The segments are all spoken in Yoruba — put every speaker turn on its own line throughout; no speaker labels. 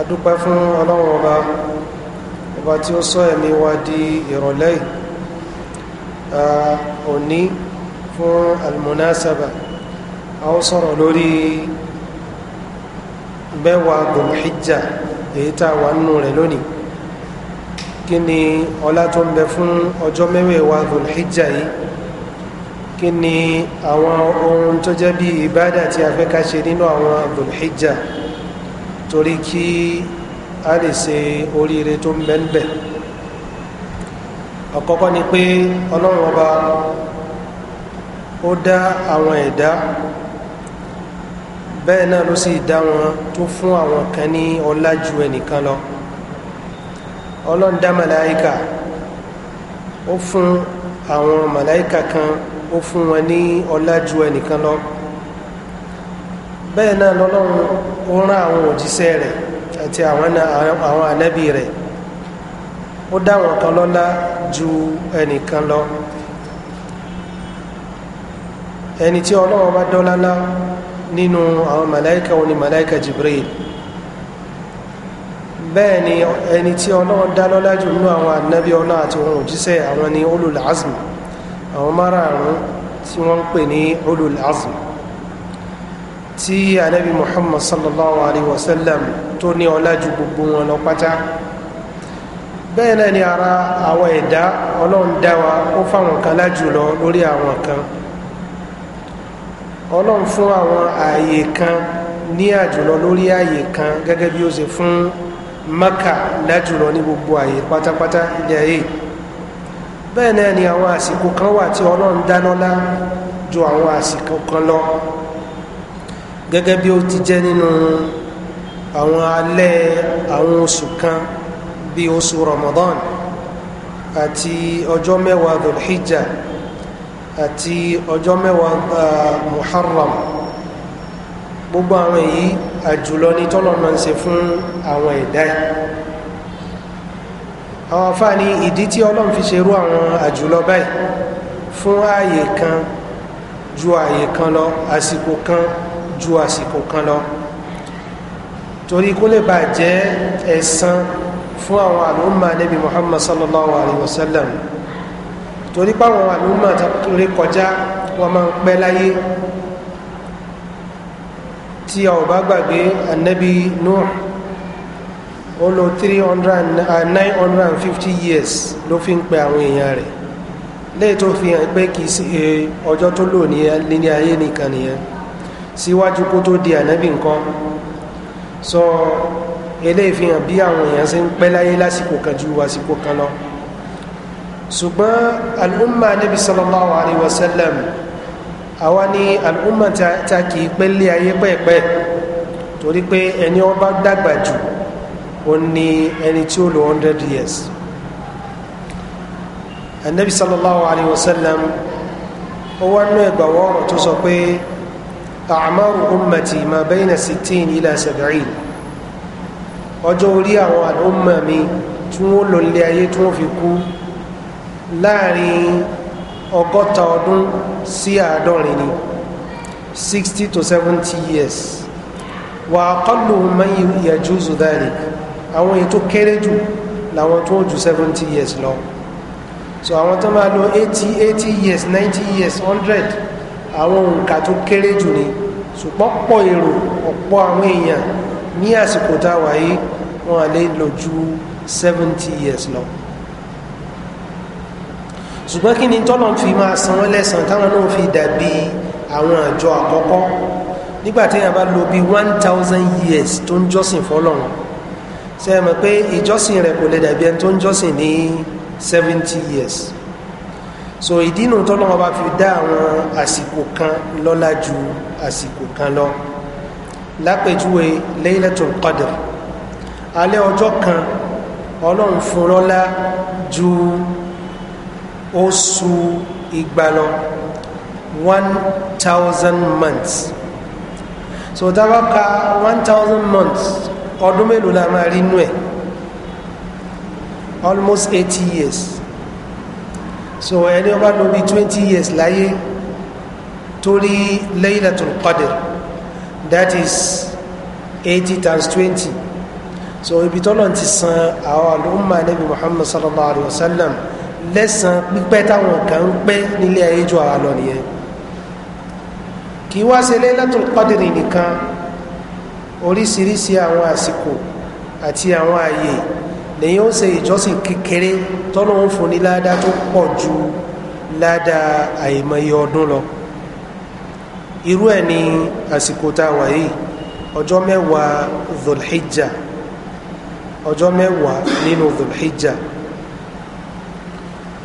adúpẹ́ fún ọlọ́run ọba ọba tí ó sọ ẹ̀mí wa di ìrọ̀lẹ́ òní fún almunasaba a ó sọ̀rọ̀ lórí mẹ́wàá gbòmùhíjà èyí tá a wà nínú rẹ̀ lónìí kí ni ọlá tó ń bẹ fún ọjọ́ mẹ́wàá gbòmùhíjà yìí kí ni àwọn ohun tó jẹ́ bí ìbádà tí a fẹ́ ká ṣe nínú àwọn gbòmùhíjà yìí torí kí a lè ṣe oríire tó ń bẹ́ńbẹ́ ọ̀kọ́kọ́ ni pé ọlọ́run ọba ó dá àwọn ẹ̀dá bẹ́ẹ̀ náà ló sì dá wọn tó fún àwọn kan ní ọlá ju ẹnìkan lọ ọlọ́run dá màláìkà ó fún àwọn màláìkà kan ó fún wọn ní ọlá ju ẹnìkan lọ bẹ́ẹ̀ náà lọ́lọ́run ó rán àwọn òjíṣẹ́ rẹ̀ àti àwọn ànábì rẹ̀ ó dá wọn kan lọ́lá ju ẹnìkan lọ ẹni tí ọlọ́run bá dọ́lálá nínú àwọn màláìka òní màláìka jibril bẹ́ẹ̀ ni ẹni tí ọlọ́run dá lọ́lá jù nínú àwọn ànábì ọlọ́run àti òun òjíṣẹ́ àwọn ni olùlàázùn àwọn márààrún tí wọ́n ń pè ní olùlàázùn tí anabi muhammad sallallahu alaihi wasallam tó ní ọlá ju gbogbo wọn lọ pátá bẹ́ẹ̀ náà ni ara àwọn ẹ̀dá ọlọ́run dá wa ó fáwọn kan lájùlọ lórí àwọn kan ọlọ́run fún àwọn ààyè kan ní àjùlọ lórí ààyè kan gẹ́gẹ́ bí ó ṣe fún maka lájùlọ ní gbogbo ààyè pátápátá ilẹ̀ ayé bẹ́ẹ̀ náà ni àwọn àsìkò kan wà tí ọlọ́run dáná lá ju àwọn àsìkò kan lọ gẹ́gẹ́ bí ó ti jẹ́ nínú àwọn alẹ́ àwọn oṣù kan bí oṣù ramadan àti ọjọ́ mẹ́wàá dhulhijja àti ọjọ́ mẹ́wàá muharram gbogbo àwọn èyí àjùlọ ní tọ́lọ́mọ ń ṣe fún àwọn ẹ̀dá ẹ̀ àwọn afáàní ìdí tí ọlọ́run fi ṣerú àwọn àjùlọ báyìí fún ààyè kan ju ààyè kan lọ àsìkò kan ju àsìkò kan lọ torí kó lè bàa jẹ́ ẹ̀san fún àwọn àlùmọ́ níbi muhammad sallallahu alayhi wa sallam torí páwọn àlùmọ́ rí kọjá wọ́n máa ń pẹ́ láyé tí a ò bá gbàgbé anabi nuh ó lo three hundred uh, nine hundred and fifty years ló fi ń pe àwọn èèyàn rẹ̀ léyìí tó fi hàn pé kì í ṣe eh, ọjọ́ tó lò ní ayé nìkan nìyẹn síwájú kó tó di ànábì nǹkan sọ eléyìí fi hàn bí àwọn èèyàn ṣe ń pẹ́ láyé lásìkò kan ju àsìkò kan lọ ṣùgbọ́n al'umma nabi sallallahu alaihi wasallam àwa ni al'umma ta kì í pẹ́ lé ayé pẹ́ẹ̀pẹ́ torí pé ẹni wọn bá dàgbà jù ó ní ẹni tí ó lo hundred years anabi sallallahu alaihi wasallam ó wá nú ẹgbàá wọ́ọ̀rọ̀ tó sọ pé أعمار أمتي ما بين ستين إلى سبعين أجولي عن أمامي تقول اللي تنفقوا láàrin ọgọ́ta ọdún sí àádọ́rin ni sixty to seventy years wà á kọ́lù mẹ́yìn ìyàjúzù dáre àwọn ètò kéré jù làwọn tó ju seventy years lọ so àwọn tó máa lo eighty eighty years ninety years hundred àwọn nǹkan tó kéré jù ni ṣùgbọ́n pọ̀ èrò ọ̀pọ̀ àwọn èèyàn ní àsìkò tá a wà wọn à lè ju seventy years lọ ṣùgbọ́n kí ni tọ́lọ̀ fi máa san wọ́n lẹ́sàn táwọn náà fi dàbí àwọn àjọ àkọ́kọ́ nígbà téèyàn bá lo bíi one thousand years tó ń jọ́sìn fọlọ́run ṣe é mọ̀ pé ìjọ́sìn rẹ̀ kò lè dàbí ẹni tó ń jọ́sìn ní seventy years so ìdínú tọ́lọ́wọ́ bá fi dá àwọn àsìkò kan lọ́lá ju àsìkò kan lọ lápẹjúwe lẹ́yìnlẹ́tùn kọ́dìr alẹ́ ọjọ́ kan ọlọ́run fún lọ́lá ju oṣù igba lọ one thousand months so dábàá ka one thousand months ọdún mélòó la máa rí nú ẹ̀ almost eighty years so ẹni ọba lò bí twenty years láyé torí laylatul qadr that is eighty times twenty so ibi tọ́lọ̀ ti san àwọn àlùmọ́ anabi muhammad sallallahu alayhi wa sallam lẹ́sàn pípẹ́ táwọn kan ń pẹ́ nílé ayé ju àwọn lọ nìyẹn kì í wá ṣe laylatul qadr nìkan oríṣiríṣi àwọn àsìkò àti àwọn àyè lẹ́yìn ó ṣe ìjọsìn kékeré tọ́nà ń fún ní ládá tó pọ̀ ju ládá àìmọye ọdún lọ irú ẹ̀ ní àsìkò tá a wà yìí ọjọ́ mẹ́wàá dhulhijja ọjọ́ mẹ́wàá nínú dhulhijja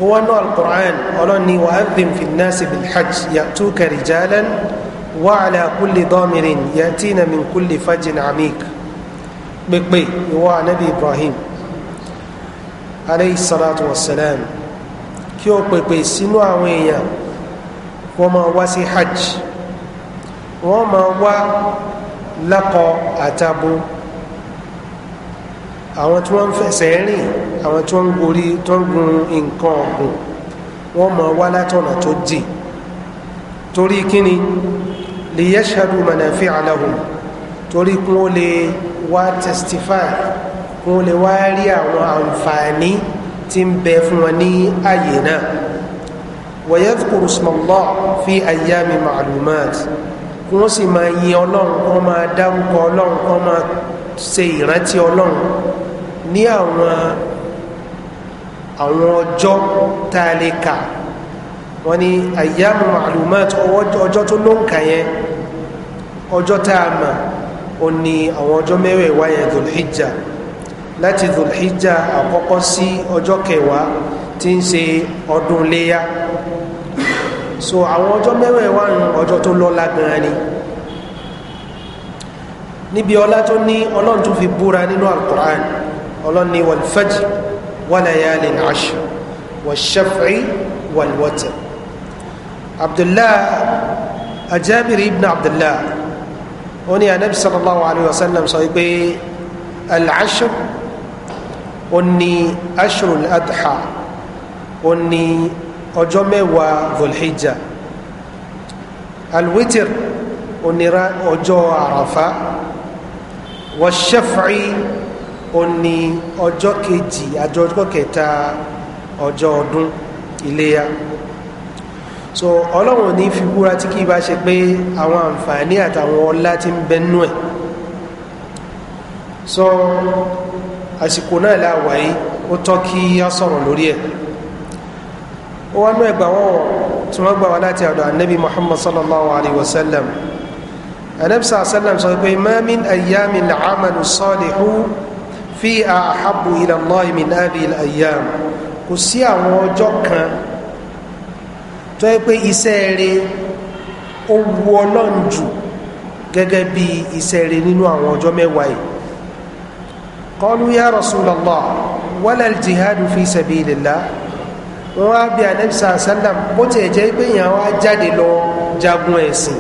ó wá náà alquran ọlọ́ni wa adhim fi nasi bil hajj yatuka rijalan wa ala kulli damirin yatina min kulli fajin amik pépè ìwọ anabi ibrahim aleyhi salatu wa salam kí o pèpè sínú àwọn èèyàn wọ́n máa wá sí hajj wọ́n máa wá lákọ̀ àtàbò àwọn tí wọ́n ń fẹsẹ̀ rìn àwọn tí wọ́n ń gorí tó ń gun nǹkan ọ̀gùn wọ́n máa wá látọ̀nà tó jì torí kíni lè yẹ́ṣàdù torí kún ó lè wá testify wọn lè wá rí àwọn àǹfààní tí ń bẹ fún wọn ní àyè náà wayadhkuru ismallah fi ayyami ma'lumat wọ́n sì máa yin ọlọ́run kọ́ máa dárúkọ ọlọ́run kọ́ máa ṣe ìrántí ọlọ́run ní àwọn àwọn ọjọ́ tá a lè kà wọ́n ní ayyamu ma'lumat ọjọ́ tó ló ń kà yẹn ọjọ́ tá a mà ó ní àwọn ọjọ́ mẹ́wẹ̀ẹ́wá yẹn Dhul Hijjah láti dùlhíjà àkọ́kọ́ sí ọjọ́ kẹwàá tí ń ṣe ọdún léyà so àwọn ọjọ́ mẹ́wẹ̀ẹ́wá ń ọjọ́ tó lọ́la gan-an ni níbi ọlá tó ní ọlọ́run tó fi búra nínú alukur'an ọlọ́run ní wàlfẹ́jì wàlàyàlè àṣù wàṣẹ́fì wàlwọ́tẹ̀ abdullah ajabiri ibn abdullah ó ní ó ní ashrul adha ó ní ọjọ́ mẹ́wàá volhijja alwitir ó ní ọjọ́ àràfá wàṣẹ́fì ó ní ọjọ́ kejì àjọ kẹta ọjọ́ ọdún iléyà so ọlọ́run ní fi búra tí kìí bá ṣe pé àwọn àǹfààní àtàwọn ọlá ti ń bẹnú ẹ̀ so àsìkò náà láwàáyé ó tọ́ kí á sọ̀rọ̀ lórí ẹ̀ ó wá náà gbà wọ́n tí wọ́n gbà wá láti ọ̀dọ̀ anabi muhammad sallallahu alayhi wa sallam anabi sallallahu alayhi wa sallam sọ pé mamin ayyami lacamalu sọ́ọ̀lìhù fi àhàbù ilà lọ́ọ̀hìn mi náà ayyam kò sí àwọn ọjọ́ kan tó yẹ pé iṣẹ́ rẹ ó wu ọlọ́run jù gẹ́gẹ́ bí iṣẹ́ rẹ nínú àwọn ọjọ́ mẹ́wàá yìí qalu ya rasulallah wala aljihadu fi sabilillah wọn wá bí anabi sàn sálàm bó tiẹ̀ jẹ́ pé èèyàn wá jáde lọ jagun ẹ̀sìn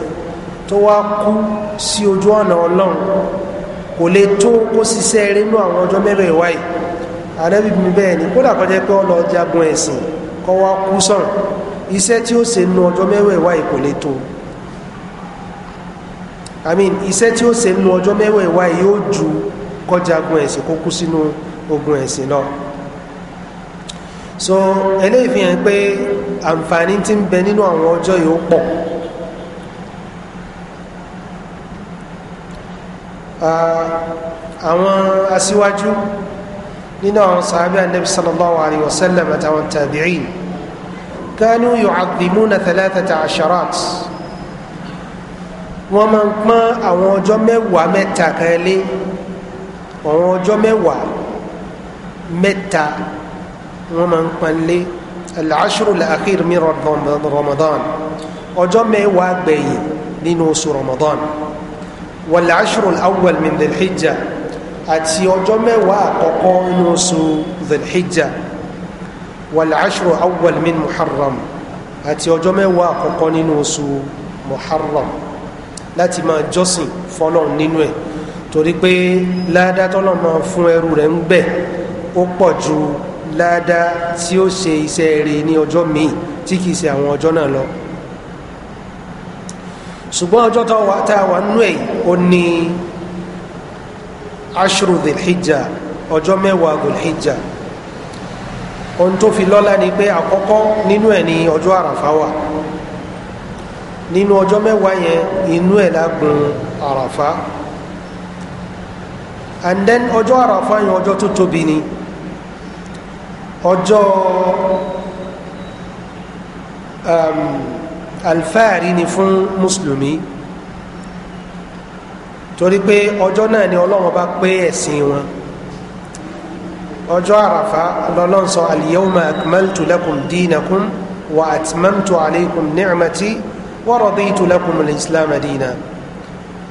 tó wá kú sí ojú ọ̀nà ọlọ́run kò lè tó kó ṣiṣẹ́ rẹ nú àwọn ọjọ́ mẹ́rẹ̀ wáyé anabi mi bẹ́ẹ̀ ni kódà kọjá pé ọ jagun ẹ̀sìn kọ́ wá kú sàn iṣẹ́ tí ó ṣe nú ọjọ́ mẹ́rẹ̀ wáyé kò lè tó i mean iṣẹ́ tí ó ṣe nú ọjọ́ mẹ́rẹ̀ wáyé yóò ju kọjagun ẹ̀sìn kó kú sínú ogun ẹ̀sìn lọ so eléyìí fi hàn pé àǹfààní ti ń bẹ nínú àwọn ọjọ́ yìí ó pọ̀ àwọn aṣíwájú nínú àwọn sàábí anabi sallallahu alayhi wa sallam àtàwọn tabi'in kánú yu'adhimuna thalathata asharat wọ́n máa ń pọ́n àwọn ọjọ́ mẹ́wàá mẹ́ta kan lé ọ̀rọ̀ ọjọ́ mẹ́wàá mẹ́ta wọ́n máa ń panlé al-ashru al-akhir min ramadan ọjọ́ mẹ́wàá gbẹ̀yìn nínú oṣù ramadan wal-ashru al-awwal min dhil-hijja àti ọjọ́ mẹ́wàá àkọ́kọ́ nínú oṣù dhil-hijja wal-ashru al muharram àti ọjọ́ mẹ́wàá àkọ́kọ́ nínú oṣù muharram láti máa jọ́sìn fọ́lọ́run nínú ẹ̀ torí pé ládá tọ́lọ̀ máa fún ẹrú rẹ̀ ń bẹ̀ ó pọ̀ ju ládá tí ó ṣe iṣẹ́ rẹ̀ ní ọjọ́ míì tí kìí ṣe àwọn ọjọ́ náà lọ ṣùgbọ́n ọjọ́ tó wà tá a wà nú ẹ̀ ó ní ashru dhulhijja ọjọ́ mẹ́wàá dhulhijja ohun tó fi lọ́lá ni pé àkọ́kọ́ nínú ẹ̀ ní ọjọ́ àràfá wà nínú ọjọ́ mẹ́wàá yẹn inú ẹ̀ lágun àràfá and then ọjọ́ àràfà yẹn ọjọ́ tó tóbi ni ọjọ́ um, alfaari ni fún mùsùlùmí torí pé ọjọ́ náà ni ọlọ́run bá pé ẹ̀sìn wọn ọjọ́ àràfà lọ́lọ́run sọ aliyahuma akmaltu lakum dinakum wa atmamtu alaykum ni'mati wa raditu lakum al-islam dinan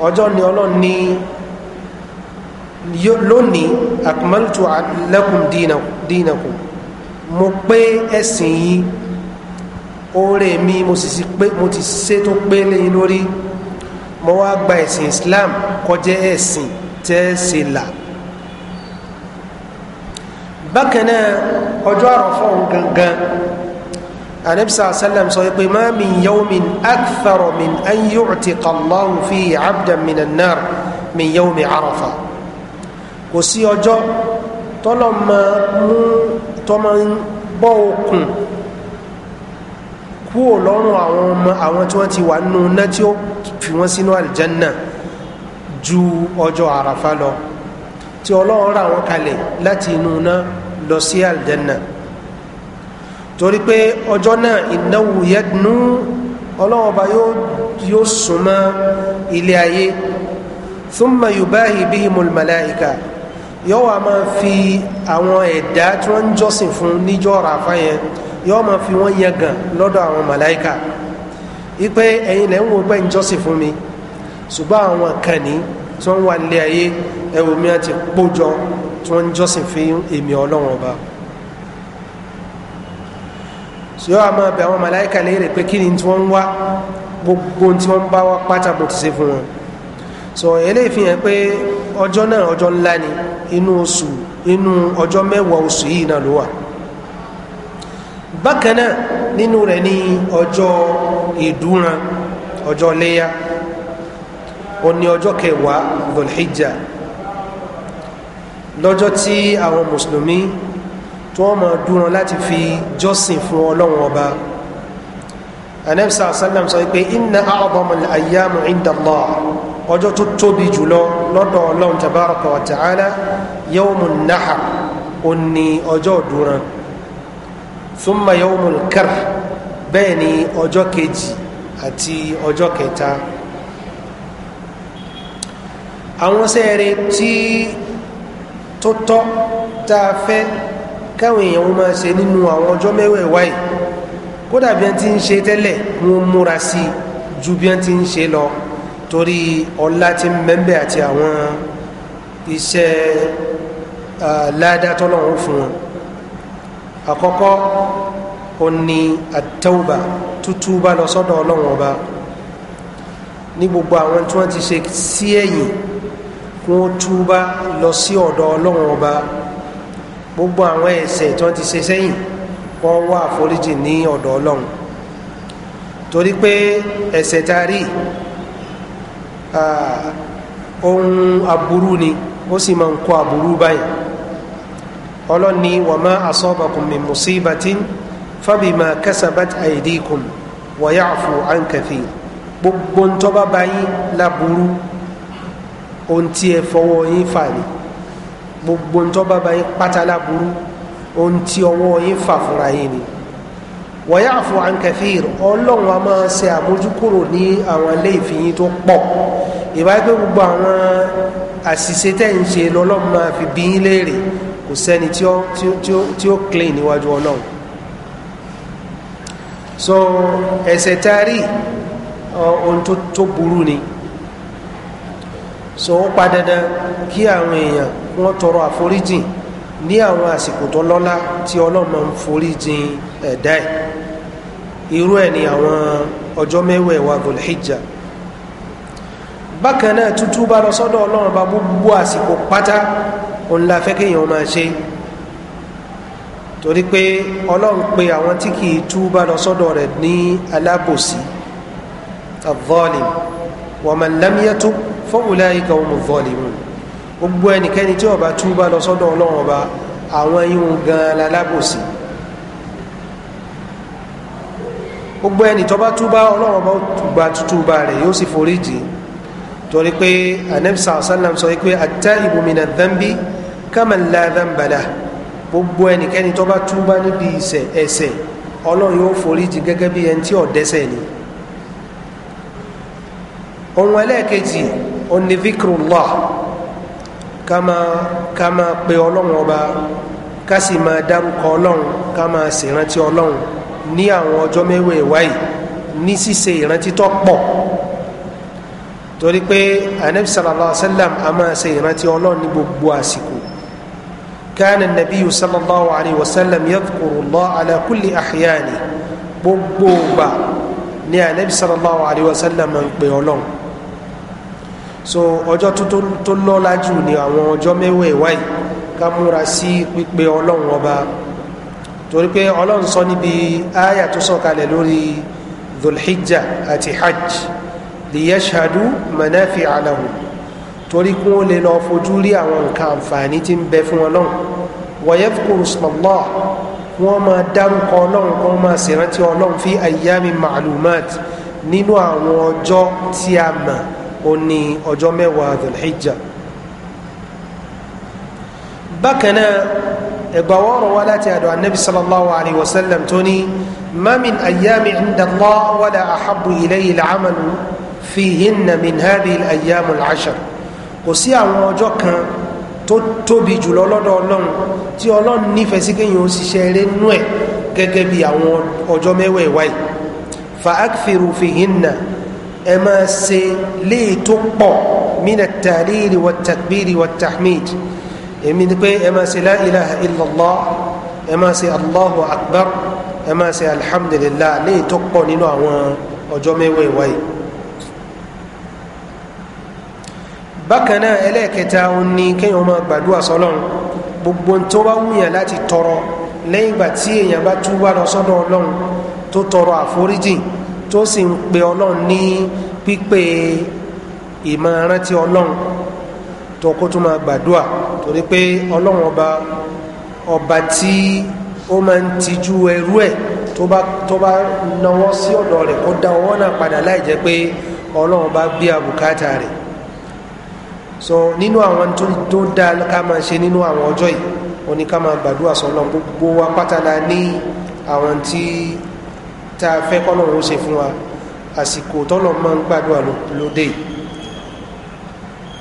ọjọ́ ni ọlọ́run lónìí akmaltu lakum dinakum mo pé ẹ̀sìn yìí oore mi mo sì si pé mo ti ṣe tó pé lẹ́yìn lórí mo wá gba ẹ̀sìn Islam kọjá ẹ̀sìn tẹ́ ṣe là bákan náà ọjọ́ àròfọ́ gangan anabisa asalam sọ pé ma min yawmin akthara min an yu'tiqa Allahu fi abdan min an-nar min yawmi kò sí ọjọ́ tọ́lọ̀ máa mú tọ́mọ ń bọ́ okùn kúrò lọ́rùn àwọn ọmọ àwọn tí wọ́n ti wà nínú iná tí ó fi wọ́n sínú àlìjánná ju ọjọ́ àràfá lọ tí ọlọ́run rà wọ́n kalẹ̀ láti inú iná lọ sí àlìjánná torí pé ọjọ́ náà ìnáwó yẹ́dùnú ọlọ́run ọba yóò súnmọ́ ilé ayé thumma yubahi bihimul malaika yóò wá máa fi àwọn ẹ̀dá tí wọ́n ń jọ́sìn fún níjọ́ ràfá yẹn yóò máa fi wọ́n yẹn lọ́dọ̀ àwọn màláìka ipe ẹ̀yin lẹ́ ń wo pé ń jọ́sìn fún mi ṣùgbọ́n àwọn kan ní tí wọ́n wà nílé ayé ẹ̀wò mi àti pójọ tí wọ́n ń jọ́sìn fún èmi ọlọ́run ọba yóò wá máa bẹ àwọn màláìka léèrè pé kí ni tí wọ́n ń wá gbogbo tí wọ́n ń bá wá pátá bó ti ṣe fún wọn so eléyìí fi hàn pé ọjọ́ náà ọjọ́ ńlá ni inú oṣù inú ọjọ́ mẹ́wàá oṣù yìí náà ló wà bákan náà nínú rẹ̀ ní ọjọ́ ìdúran ọjọ́ léyà ó ní ọjọ́ kẹwàá dhulhijja lọ́jọ́ tí àwọn mùsùlùmí tí wọ́n máa dúran láti fi jọ́sìn fún ọlọ́run ọba anabisa asalam sọ pé inna a'dhamal ayyamu inda Allah ọjọ́ tó tóbi jùlọ lọ́dọ̀ ọlọ́run tabaraka wa ta'ala yawmun naha ó ní ọjọ́ òdúran súnmọ́ yawmul karh bẹ́ẹ̀ ni ọjọ́ kejì àti ọjọ́ kẹta àwọn sẹ́ẹ̀rẹ̀ tí tó tọ́ tá a fẹ́ káwọn èèyàn wọn máa ṣe nínú àwọn ọjọ́ mẹ́wẹ̀ẹ̀wá yìí kódà bí wọ́n ti ń ṣe tẹ́lẹ̀ wọn múra sí ju bí wọ́n ti ń ṣe lọ torí ọlá tí ń bẹ́ńbẹ́ àti àwọn iṣẹ́ ládá tọ́lọ́run fún wọn àkọ́kọ́ ó ní àtẹ́wùbà tútú bá lọ sọ́dọ̀ ọlọ́run ọba ní gbogbo àwọn tí wọ́n ti ṣe sí ẹ̀yìn kí wọ́n túbá lọ sí ọ̀dọ̀ ọlọ́run ọba gbogbo àwọn ẹ̀ṣẹ̀ tí wọ́n ti ṣe sẹ́yìn kọ́ wá àforíjì ní ọ̀dọ̀ ọlọ́run torí pé ẹ̀ṣẹ̀ tá rí yìí Ah, ohun aburú ni ó sì máa ń kó aburú báyìí ọlọ́ni wà má asọ́bàkùn mi musibatin fábìmà kẹsàbàt àìdíkùn wọ̀yà àfò ànkàfì gbogbo ń tọ́ba báyìí láburú ohun tí ẹ fọwọ́ yín fà ní gbogbo ń tọ́ba báyìí pátá láburú ohun tí ọwọ́ yín fà fúnra yín ni wọ̀yà àfò ànkàfì ọlọ́run a máa ṣe àmójúkúrò ní àwọn ilé ìfihìn tó pọ̀ ìbáyé pé gbogbo àwọn àṣìṣe tẹ́ ń ṣe lọ́lọ́mọ máa fi bí yín léèrè kò sẹ́ni tí ó tí ó clean níwájú ọlọ́run so ẹsẹ̀ tá a rí ohun tó burú ni so ó pa dandan kí àwọn èèyàn wọ́n tọrọ àforíjìn ní àwọn àsìkò tó lọ́lá tí ọlọ́mọ ń foríjìn ẹ̀dá ẹ̀ irú ẹ̀ ni àwọn ọjọ́ mẹ́wẹ̀ẹ́wà dhul bákan náà tútú bá lọ sọ́dọ̀ ọlọ́run bá gbogbo àsìkò pátá òun la fẹ́ kéèyàn máa ṣe torí pé ọlọ́run pé àwọn tí kì í tú bá lọ sọ́dọ̀ rẹ̀ ní alábòsí avọ́ọ̀lì wọ́n máa lámìyàtú fọ́wùlá ìkà òun vọ́ọ̀lì mu gbogbo ẹnikẹ́ni tí ọba tú bá lọ sọ́dọ̀ ọlọ́run ọba àwọn ihun gan-an gbogbo ẹni tó bá túbá ọlọ́run ọba gbà tútú bá rẹ̀ yóò sì foríjì torí pé anamsa asalam sọ pé ata ibùmínà dánbí kàmàlá dánbàlá gbogbo ẹnikẹ́ni tó bá túbá níbi ìṣẹ̀ ẹ̀ṣẹ̀ ọlọ́run yóò foríjì gẹ́gẹ́ bí ẹni tí ọ̀dẹ́sẹ̀ ni ohun ẹlẹ́ẹ̀kejì òní vikrullah kama kama pe ọlọ́run ọba ká sì máa dárúkọ ọlọ́run ká máa ṣèrántí ọlọ́run ní àwọn ọjọ́ mẹ́wẹ̀ẹ́wá ní ṣíṣe ìrántí tó pọ̀ torí pé anabi sallallahu alayhi wa sallam a máa ṣe ìrántí ọlọ́run ní gbogbo àsìkò كان النبي صلى الله عليه وسلم يذكر الله على كل أحيانه gbogbo gbà ní ànábì sallallahu alayhi wa sallam máa ń pe ọlọ́run so ọjọ́ tó lọ́la jù ní àwọn ọjọ́ mẹ́wẹ̀ẹ̀wá yìí ká múra sí pípe ọlọ́run ọba torí pé ọlọ́run sọ níbi ááyà tó sọ̀kalẹ̀ lórí dhulhijja àti hajj liyashhadu manafi'a lahum torí kí wọ́n lè lọ fojú rí àwọn nǹkan àǹfààní tí ń bẹ fún wọn náà wa yadhkuru ismallah wọ́n máa dárúkọ ọlọ́run kan máa ṣèrántí ọlọ́run fi ayyamin ma'lumat nínú àwọn ọjọ́ tí a mọ̀ ó ní ọjọ́ mẹ́wàá dhulhijja bákan náà ẹgbàwọ́ ọ̀rọ̀ wá láti àdọ̀ annabi sallallahu alaihi wasallam tó ní ma min inda Allah wala ahabbu ilayhi al fihinna min hadhihi al-ayyam al-ashr kò sí àwọn ọjọ́ kan tó tóbi jùlọ lọ́dọ̀ ọlọ́run tí ọlọ́run nífẹ̀ẹ́ sí kéèyàn ó ṣiṣẹ́ eré nú ẹ̀ gẹ́gẹ́ bí àwọn ọjọ́ mẹ́wẹ̀ẹ̀wá yìí fa akfiru fihinna ẹ máa ṣe léè tó pọ̀ mina tàlíìrì wa takbiri wa tahmid èmi ni pé ẹ máa ṣe la ilaha illallah ẹ máa ṣe allahu akbar ẹ máa ṣe alhamdulillah léè tó pọ̀ nínú àwọn ọjọ́ mẹ́wẹ̀ẹ̀wá yìí. bákan náà ẹlẹ́ẹ̀kẹta òun ni kéèyàn máa gbàdúrà sọlọ́run gbogbo tó bá wúyàn láti tọrọ lẹ́yìn ìgbà tí èèyàn bá túbà lọ sọ́dọ̀ ọlọ́run tó tọrọ àforíjì tó sì ń pe ọlọ́run ní pípé ìmọ̀ràn tí ọlọ́run tó kó tó máa gbàdúrà torí pé ọlọ́run ọba ọba tí ó máa ń tijú ẹrú ẹ̀ tó bá náwó sí ọ̀dọ̀ rẹ̀ kó dá ọwọ́ náà padà láì jẹ́ pé ọlọ́run bá bí àbùkátà rẹ̀ so nínú àwọn tó dá ká máa ṣe nínú àwọn ọjọ́ yìí ó ní ká máa gbàdúrà sọ́lọ́ gbogbo wa pátálà ní àwọn tí tá a fẹ́ kọ́lọ́run ó ṣe fún wa àsìkò tọ́lọ̀ máa ń gbàdúrà lóde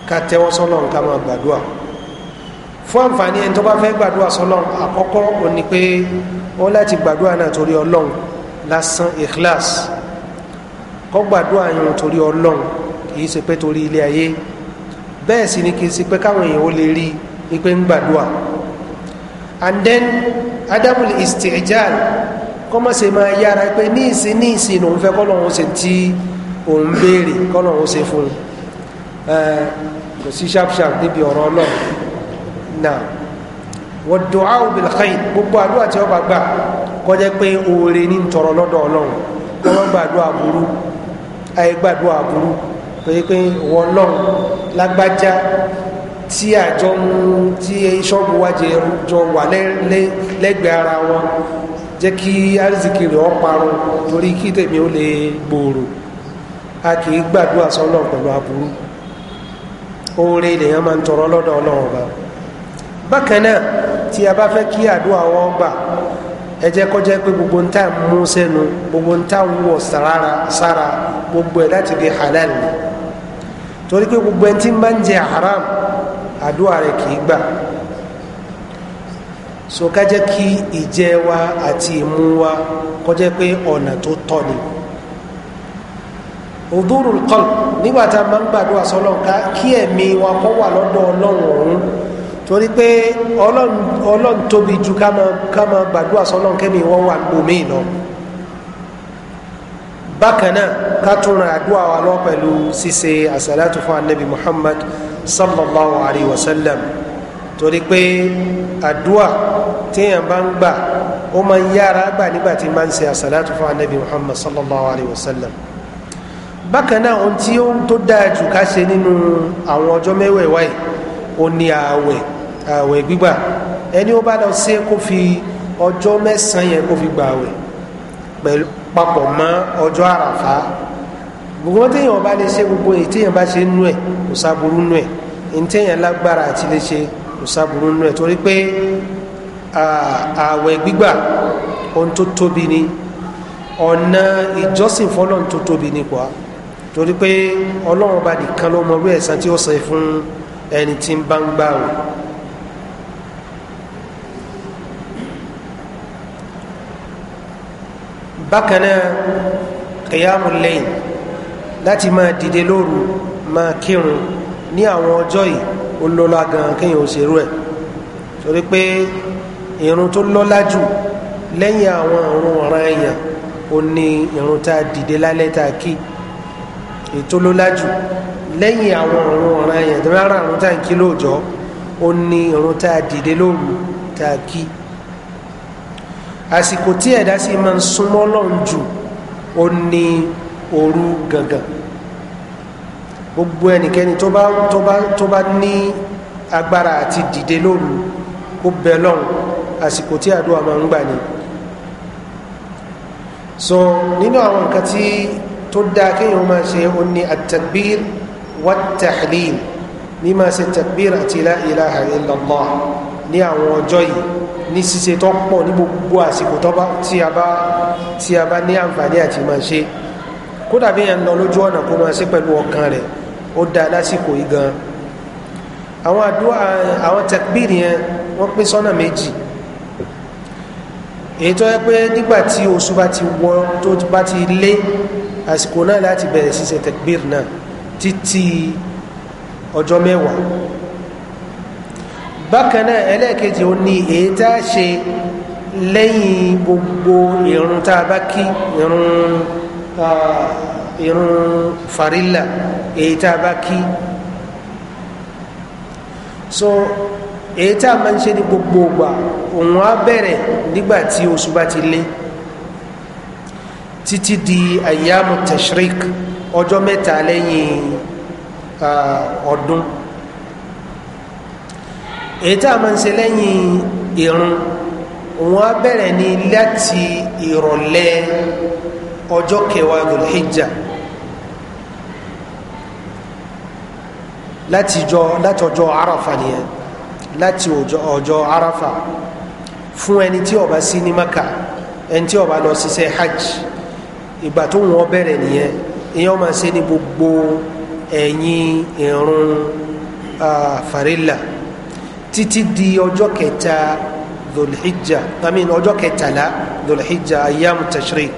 ká tẹ́wọ́ sọ́lọ́ ká máa gbàdúrà fún àǹfààní ẹni tó bá fẹ́ gbàdúrà sọ́lọ́ àkọ́kọ́ ó ní pé ó láti gbàdúrà náà torí ọlọ́run lásán ikhlas kọ́ gbàdúrà yẹn torí ọlọ́run kì í ṣe pé torí ilé ayé bẹ́ẹ̀ sì ni kì í sí pé káwọn èèyàn ó lè rí i ń gbàdúrà and then adamul istijal kọ́mọ̀ se máa yára pé ní ìsìn ní ìsìn òun fẹ́ kọ́lọ̀ òun se tí òun béèrè kọ́lọ̀ òun se fún un kò sí sharp sharp níbi ọ̀rọ̀ náà náà wọ́n dùn áwọ̀ bìlìkàyì gbogbo àdúrà tí wọ́n bá gbà kọjá pé oore ní ń tọrọ lọ́dọ̀ ọlọ́run kọ́mọ̀ gbàdúrà burú àìgbàdúrà burú pé pé wọ́n lọ́n lágbájá tí àjọ ń tí ṣọ́ọ̀bù wa jẹ jọ wà lẹ́gbẹ̀ẹ́ ara wọn jẹ́ kí arzikì rẹ̀ ọ́ parun torí kí tèmi ó lè gbòòrò a kì í gbàdúrà sọ́nà pẹ̀lú aburú oore lèèyàn máa ń tọrọ lọ́dọ̀ ọlọ́run bákan náà tí a bá fẹ́ kí àdúrà wọn gbà ẹ jẹ́ kó pé gbogbo ń mú sẹ́nu gbogbo ń tà sára gbogbo ẹ̀ láti di halal ni torí pé gbogbo ẹni tí ń bá ń jẹ haram àdúrà rẹ̀ kì í gbà so ká jẹ́ kí ìjẹ wa àti ìmú wa kó jẹ́ pé ọ̀nà tó tọ́ ni òdúrù kọl nígbà tá a máa ń gbàdúrà sọlọ ká kí ẹ̀mí wa kó wà lọ́dọ̀ ọlọ́run ọ̀hún torí pé ọlọ́run tóbi ju ká máa gbàdúrà sọlọ kẹ́mi wọ́n wà gbòmí lọ. No bákan náà ká tún ran àdúrà wa lọ pẹ̀lú ṣíṣe àsàlátù fún anabi muhammad sallallahu alayhi wa sallam torí pé àdúrà téèyàn bá ń gbà ó máa ń yára gbà nígbà tí máa ń ṣe àsàlátù fún anabi muhammad sallallahu alayhi wa sallam bákan náà ohun tí ó tó dáa jù ká ṣe nínú àwọn ọjọ́ mẹ́wẹ̀ẹ̀wá yìí ó ní ààwẹ̀ ààwẹ̀ gbígbà ẹni ó bá lọ sí kó fi ọjọ́ mẹ́sàn-án yẹn kó fi gbà ààwẹ̀ papọ̀ mọ́ ọjọ́ àràfá gbogbo téèyàn bá lè ṣe gbogbo èyí téèyàn bá ṣe nú ẹ̀ kò sáburú nú ẹ̀ èyí téèyàn lágbára àti lè ṣe kò sáburú nú ẹ̀ torí pé ààwẹ̀ gbígbà ohun tó tóbi ni ọ̀nà ìjọsìn fọlọ́n tó tóbi ni kwa torí pé ọlọ́run bá nìkan ló mọ orí ẹ̀sán tí ó sàn fún ẹni tí ń bá ń gbà wọ̀. bákan náà kìyàmù lẹ́yìn láti máa dìde lóru máa kírun ní àwọn ọjọ́ yìí ó lọ́la gan kéèyàn ó ṣerú ẹ̀ torí pé irun tó lọ́la jù lẹ́yìn àwọn àrùn ọ̀ràn èèyàn ó ní irun tá a dìde lálẹ́ tá a kí ètò lọ́la jù lẹ́yìn àwọn àrùn ọ̀ràn èèyàn tó rárá àrùn tá a kí lóòjọ́ ó ní irun tá a dìde lóru tá a kí àsìkò tí ẹ̀dá sì máa ń súnmọ́ lọ́n jù ó ní òru gangan gbogbo ẹnikẹ́ni tó bá tó bá tó bá ní agbára àti dìde lóru ó bẹ lọ́n àsìkò tí àdúrà máa ń gbà ni so nínú àwọn nǹkan tí tó dáa kéèyàn máa ṣe ó ní àtàgbír wàtàhlíl mímá ṣe tàgbír àti la ilaha illallah ní àwọn ọjọ́ yìí ní ṣíṣe tó pọ̀ ní gbogbo àsìkò tí a bá ní àǹfààní àti máa ṣe kódà bí yẹn lọ lójú ọ̀nà kó máa ṣe pẹ̀lú ọkàn rẹ̀ ó da lásìkò yìí gan àwọn àdúrà àwọn tẹkbírì yẹn wọ́n pín sọ́nà méjì èyí tó yẹ pé nígbà tí oṣù bá ti wọ tó bá ti lé àsìkò náà láti bẹ̀rẹ̀ ṣíṣe tẹkbírì náà títí ọjọ́ mẹ́wàá bákan náà ẹlẹ́ẹ̀kejì ó ní èyí tá a ṣe lẹ́yìn gbogbo ìrun tá a bá kí ìrun ìrun farilla èyí tá a bá kí so èyí tá a máa ń ṣe ní gbogbo ìgbà òun á bẹ̀rẹ̀ nígbà tí oṣù bá ti lé títí di ayyamu tashrik ọjọ́ mẹ́ta lẹ́yìn ọdún. Uh, èyí tá a máa ń ṣe lẹ́yìn irun wọ́n bẹ̀rẹ̀ ní láti ìrọ̀lẹ́ ọjọ́ kẹwàá dùlhíjà láti ọjọ́ arafa nìyẹn láti ọjọ́ arafa fún ẹni tí ó bá sí ní maka ẹni tí ó bá lọ ṣiṣẹ́ hajj ìgbà tó wọ́n bẹ̀rẹ̀ nìyẹn èyàn máa ṣe ní gbogbo ẹ̀yìn ìrun ah, farilla. Uh, títí di ọjọ́ kẹta dòlìhíjà tàbí ọjọ́ kẹtàlá dòlìhíjà ayyamu tashrik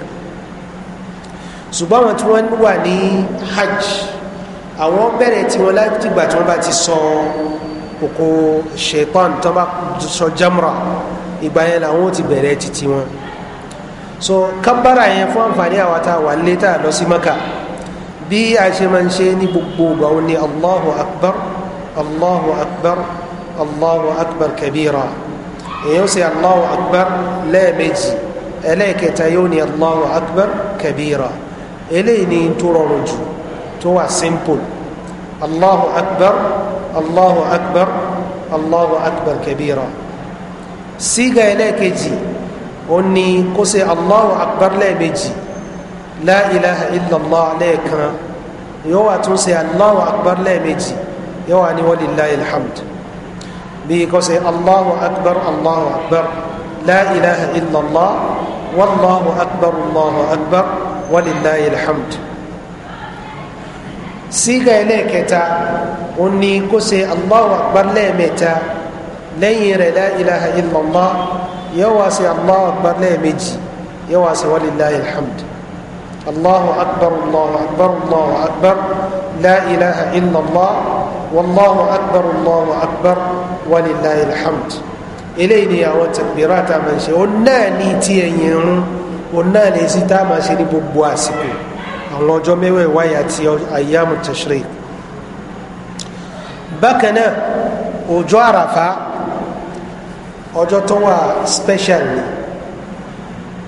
ṣùgbọ́n àwọn tí wọ́n wà ní hajj àwọn bẹ̀rẹ̀ tí wọ́n láti gbà tí wọ́n bá ti sọ òkò ṣẹ̀pọ̀n tó bá sọ jamra ìgbà yẹn làwọn ti bẹ̀rẹ̀ títí wọn so kábàrà yẹn fún àǹfààní àwọn tá a wà nílé tá a lọ sí maka bí a ṣe máa ń ṣe ní gbogbo ìgbà wọn ni allahu akbar allahu akbar allahu akbar kabira èèyàn ṣe allahu akbar lẹ́ẹ̀mejì ẹlẹ́ẹ̀kẹta yóò ní allahu akbar kabira eléyìí ni tó rọrùn jù tó wà simple allahu akbar allahu akbar allahu akbar kabira síga ẹlẹ́ẹ̀kejì ó ní kó ṣe allahu akbar lẹ́ẹ̀mejì láìláha ilàlá lẹ́ẹ̀kan yóò wà tún ṣe allahu akbar lẹ́ẹ̀mejì yóò wà ní wọ́n lè láìláhàmdù bí kò sí allahu akbar allahu akbar la ilaha illallah wallahu akbar allahu akbar walillahi alhamdu síga ẹlẹ́ẹ̀kẹta ó ní kó ṣe allahu akbar lẹ́ẹ̀mẹta lẹ́yìn rẹ̀ la ilaha illallah yóò wá sí allahu akbar lẹ́ẹ̀mejì yóò wá sí walillahi alhamdu الله أكبر الله أكبر الله أكبر لا إله إلا الله والله أكبر الله أكبر ولله الحمد إليني أو تكبيرات من شيء وناني تيين وناني ستا ما شيء ببواسكو الله جميع وياتي أيام التشريق بكنا ọjọ́ àràfá ọjọ́ tó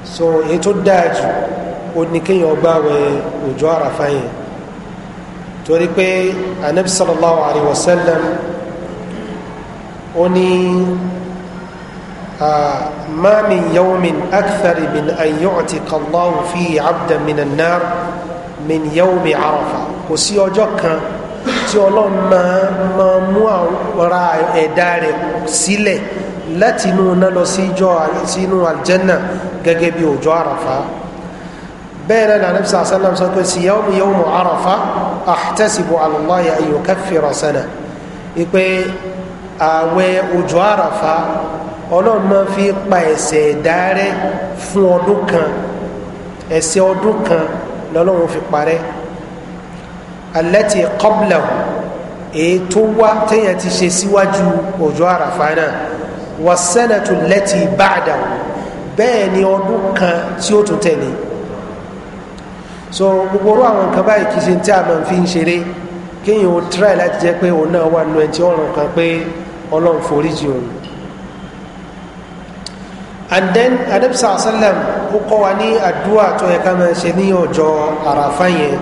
so èyí tó ó ní kéèyàn ọgbà wẹ ọjọ́ àràfà yẹn torí pé anabi sallallahu alayhi wa sallam ó ní ma min yawmin akthari min an yu'tiqa Allahu fihi abdan min an-nar min yawmi àràfà kò sí ọjọ́ kan tí ọlọ́run máa máa mú ara ẹ̀dá rẹ̀ sílẹ̀ láti inú iná lọ sí inú aljanna gẹ́gẹ́ bí ọjọ́ àràfà bẹ́ẹ̀ náà nàbí sàásánàm sọ pé síyáwó yóò arafa àtẹ́sìbò alùláyà ayò kẹfìrọ̀ sẹ́nà ìpè ààwẹ̀ òjò arafa ọlọ́run máa fi pa ẹ̀sẹ̀ ìdárẹ́ fún ọdún kan ẹ̀sẹ̀ ọdún kan lọ́lọ́run fi parẹ́ alẹ́tì kọ́bìlẹ̀hù èyí tó wá téèyàn ti ṣe síwájú òjò arafa náà wà sẹ́nà tó lẹ́tì báàdà bẹ́ẹ̀ ni ọdún kan tí ó tún tẹ̀lé so gbogbo orú àwọn nǹkan báyìí kì í ṣe tí a máa fi ń ṣeré kéèyàn ó try láti jẹ́ pé òun náà wà nù ẹ̀ tí ọ̀ràn kan pé ọlọ́run foríjì òun and then adébísà sálẹm ó kọ́ wa ní àdúrà tó yẹ ká máa ṣe ní ọjọ́ àràfá yẹn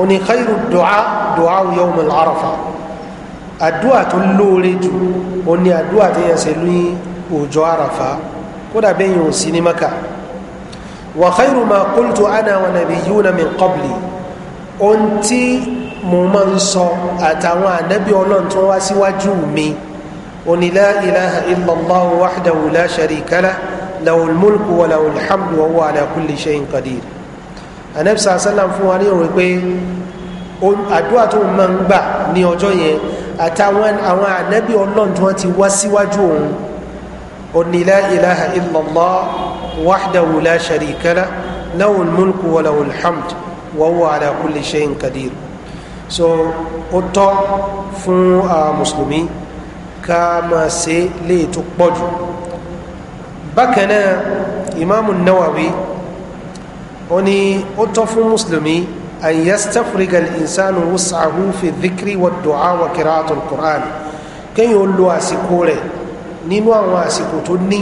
ó ní káyìrú dùá dùá yóò mọ̀ láràfà àdúrà tó lóore jù ó ní àdúrà tó yẹ ṣe ní ọjọ́ àràfá kódà bẹ́ẹ̀ yóò sí ní mẹ́ka wa khayru ma qultu ana wa nabiyyuna min qabli ohun tí mo máa ń sọ àtàwọn ànábì ọlọ́run tó wá síwájú mi oni la ilaha illallah wahdahu la sharika lah lahul mulku wa lahul hamdu wa huwa ala kulli shay'in qadir anabi sallam fún wa ní òun pé àdúrà tó máa ń gbà ní ọjọ́ yẹn àtàwọn àwọn ànábì ọlọ́run tó wọ́n ti wá síwájú òun أن لا إله إلا الله وحده لا شريك له له الملك وله الحمد وهو على كل شيء قدير so ó tọ́ fún àwọn mùsùlùmí ká máa ṣe lè tó pọ̀ jù bákan náà ìmáàmù náwàwí ó ní ó an yastafriga al-insanu fi dhikri wa du'a wa qira'ati al-qur'an kéèyàn ó lo àsìkò rẹ̀ nínú àwọn àsìkò tó ní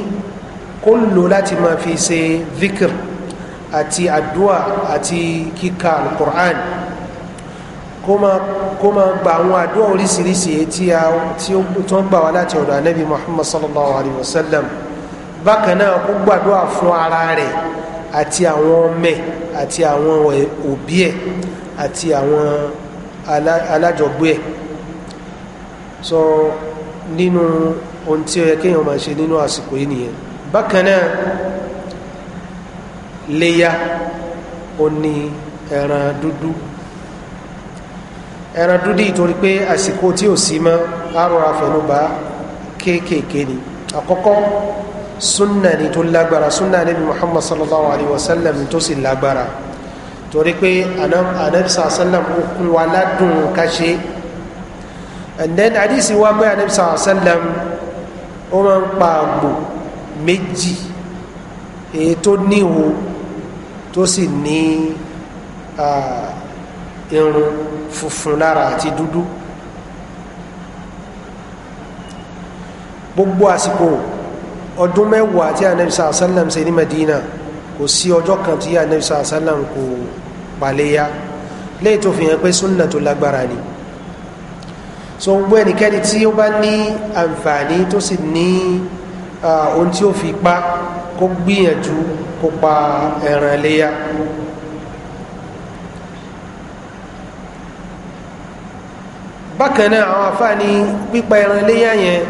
kó lò láti máa fi ṣe zikr àti àdúà àti kíka alukur'an kó máa gba àwọn àdúà oríṣiríṣi tí ó gbà wá láti ọ̀dọ̀ anabi muhammad sallallahu alayhi wa sallam bákan náà kó gbàdúrà fún ara rẹ̀ àti àwọn ọmọ àti àwọn òbí ẹ̀ àti àwọn alájọgbé ẹ̀ so nínú ohun tí ó yẹ kéèyàn máa ṣe nínú àsìkò yìí nìyẹn bákan náà léyà ó ní ẹran dúdú ẹran dúdú ìtorí pé àsìkò tí ò sí mọ́ àrùn àfẹnubá kéékèèké ni àkọ́kọ́ súnà ni tó lágbára súnà níbi muhammad sallallahu alayhi wa sallam tó sì lágbára torí pé anabisa sallam ó kún wa ládùn ká ṣe and then àdìsí wa pé anabisa sallam wọ́n máa ń pa àgbò méjì èyí tó níwo tó sì ní irun funfun lára àti dúdú gbogbo àsìkò ọdún mẹ́wàá tí anabi sàlá sàlám ṣe ní Medina kò sí ọjọ́ kan tí anabi sàlá sàlám kò paléyà lẹ́yìn tó fi hàn pé súnà tó lágbára ni so gbogbo ẹnikẹ́ni tí ó bá ní àǹfààní tó sì ní ohun tí ó fi pa kó gbìyànjú kó pa ẹran léyà bákan náà àwọn afáàní pípa ẹran léyà yẹn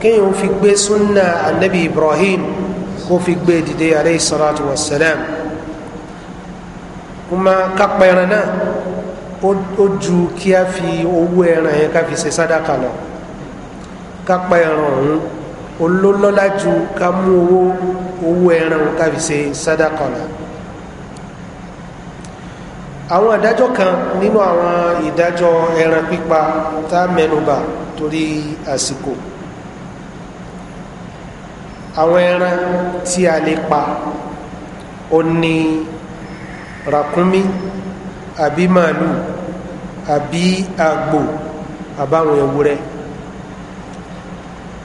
kéèyàn fi gbé súnà anabi ibrahim kó fi gbé dìde aleyhi salatu wa kuma kápa náà ó ju kí a fi owó ẹran yẹn ká fi ṣe sádàkà lọ ká pa ẹran ọ̀hún olólọ́lá ju ká mú owó owó ẹran ká fi ṣe sádàkà lọ. àwọn ìdájọ́ kan nínú àwọn ìdájọ́ ẹran pípa tá a mẹnuba torí àsìkò àwọn ẹran tí a lè pa ó ní ràkúnmí àbí màálù àbí àgbò àbáwọn ewúrẹ́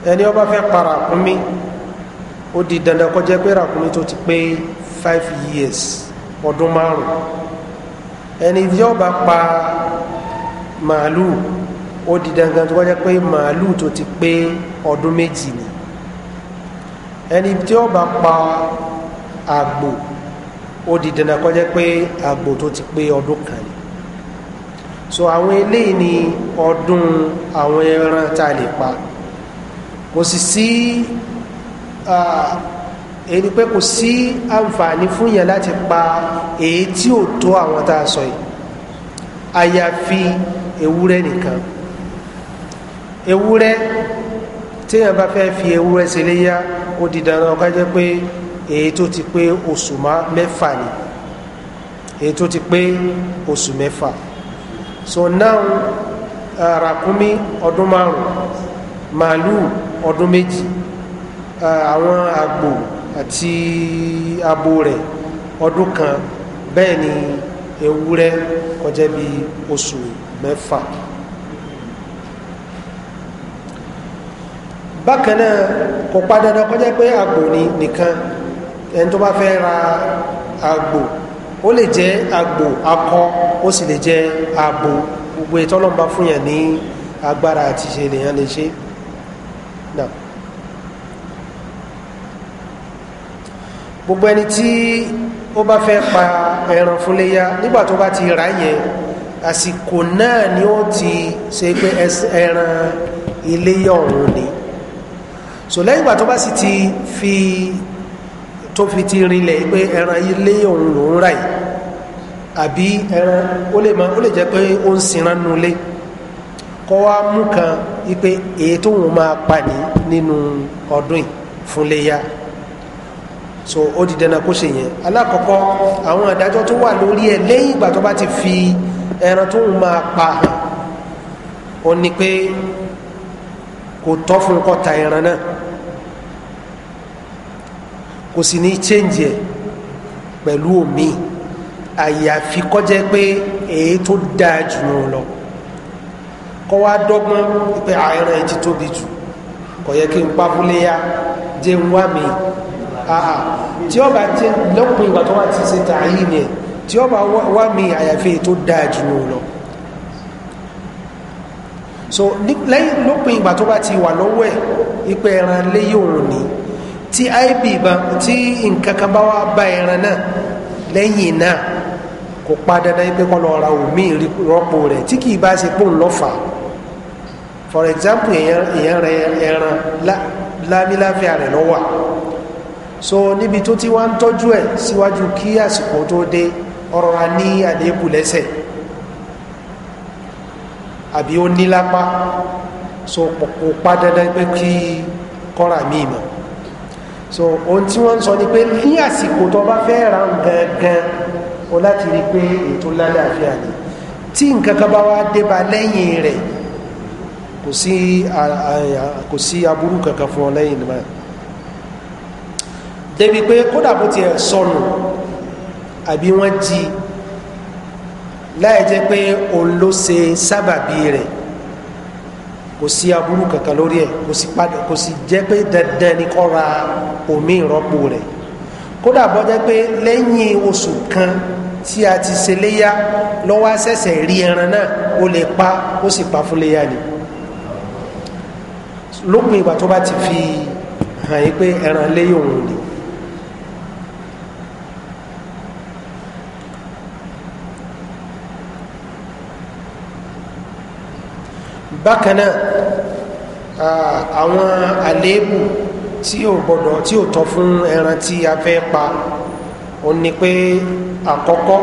ẹni ọba fẹ́ pa ràkúnmí ó di dandan kọjá pé ràkúnmí tó ti pé five years ọdún márùn ẹni tí ọba pa màálù ó di dandan kọjá pé màálù tó ti pé ọdún méjì ni ẹni tí ọba pa àgbò ó di dandan kọjá pé àgbò tó ti pé ọdún kan ni so àwọn eléyìí ni ọdún àwọn ẹran tá a lè pa kò sì sí èyí pé kò sí àǹfààní fún yẹn láti pa èyí tí ò tó àwọn tá a sọ yìí àyàfi ewúrẹ́ nìkan ewúrẹ́ téèyàn bá fẹ́ fi ewúrẹ́ ṣe léyà ó di dandan kọjá pé èyí tó ti pé oṣù mẹ́fà ni èyí tó ti pé oṣù mẹ́fà so now rakumi uh, ràkúnmí ọdún márùn màálù ọdún méjì uh, àwọn uh, àgbò àti abo rẹ̀ ọdún kan bẹ́ẹ̀ ni ewúrẹ́ kọjá bí oṣù mẹ́fà bákan kò padà kọjá pé àgbò ni nìkan ẹni tó bá fẹ́ ra àgbò ó lè jẹ́ àgbò akọ ó sì lè jẹ́ àbò gbogbo ìtọ́lọ́mba fún yẹn ní agbára àti ṣe lèyàn lè ṣe gbogbo ẹni tí ó bá fẹ́ pa ẹran fún léyá nígbà tó bá ti rà yẹn àsìkò náà ni ó ti ṣe pé ẹran iléyà ọ̀run ni so lẹ́yìn ìgbà tó bá sì ti fi tó fi ti rinlẹ̀ pé ẹran ilé òun lòún rà yìí àbí ẹran ó lè máa ó lè jẹ́ pé ó ń sinran nulẹ̀ kọ́ wa mú kan wípé èyí tó òun máa pa nínú ọdún yìí so ó di dandan kó ṣe yẹn alákọ̀ọ́kọ́ àwọn ìdájọ́ tó wà lórí ẹ̀ lẹ́yìn ìgbà tó bá ti fi ẹran tó ń máa pa hàn ó ní pé kò tọ́ fún kọ́ta ẹran náà kò sì ní change ẹ̀ pẹ̀lú omi àyàfi kọjá pé èyí tó dáa jù nù lọ kọ́ wá dọ́gbọ́n pé àìrán ẹ̀ ti tóbi jù kò yẹ kí n pábúlé yá jẹ́ ń wá mi àà tí ọba jẹ́ lọ́pìn ìgbà tó wà ti ṣe tààyè ni ẹ̀ tí ọba wá mi àyàfi èyí tó dáa jù nù lọ so lẹ́yìn lópin ìgbà tó bá ti wà lọ́wọ́ ẹ̀ ipe ẹran léyìí òun ni tí ib bá tí nǹkan kan bá wá bá ẹran náà lẹ́yìn náà kò pa dandan pé kọ́ lọ ra omi rọ́pò rẹ̀ tí kì í bá ṣe pò ń lọ for example èèyàn rẹ ẹran lámìláfíà rẹ̀ lọ́wà so níbi tó ti wá ń tọ́jú ẹ̀ síwájú kí àsìkò tó dé ọ̀rọ̀ a ní àléébù lẹ́sẹ̀ àbí ó ní lápá so kò pa dandan pé kí kọ́ra míì mọ̀ so ohun tí wọ́n ń sọ ni pé ní àsìkò tó bá fẹ́ ra gangan o láti rí pé ètò lálàáfíà ni tí nǹkan kan bá wá débà lẹ́yìn rẹ̀ kò sí kò sí aburú kankan fún ọ lẹ́yìn náà débi pé kódà bó tiẹ̀ sọnù àbí wọ́n jí láì jẹ́ pé òun ló ṣe sábàbí rẹ̀ kò sí aburú kankan lórí ẹ̀ kò sí padà kò sí jẹ́ pé dandan ni kó ra omi ìrọ́pò rẹ̀ kódà bọ́ jẹ́ pé lẹ́yìn oṣù kan tí a ti ṣe léyà lọ́wọ́ ṣẹ̀ṣẹ̀ rí ẹran náà ó lè pa ó sì pa fún léyà ni lópin ìgbà tó bá ti fi hàn yín pé ẹran léyà òun ni bákan náà àwọn àléébù tí ò gbọdọ̀ tí ò tọ́ fún ẹran tí a fẹ́ pa ó ní pé àkọ́kọ́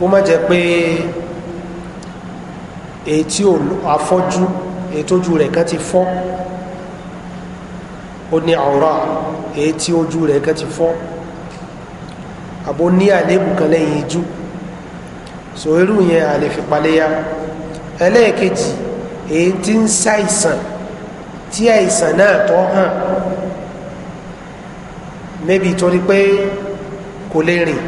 kó má jẹ́ pé èyí tí ò afọ́jú èyí tójú rẹ̀ kan ti fọ́ ó ní àwòrán èyí tí ojú rẹ̀ kan ti fọ́ àbó ní àléébù kan lẹ́yìn ijú so yẹn a lè fi paléyà èyí tí ń ṣàìsàn tí àìsàn náà tó hàn mẹ́bí torí pé kò lè rìn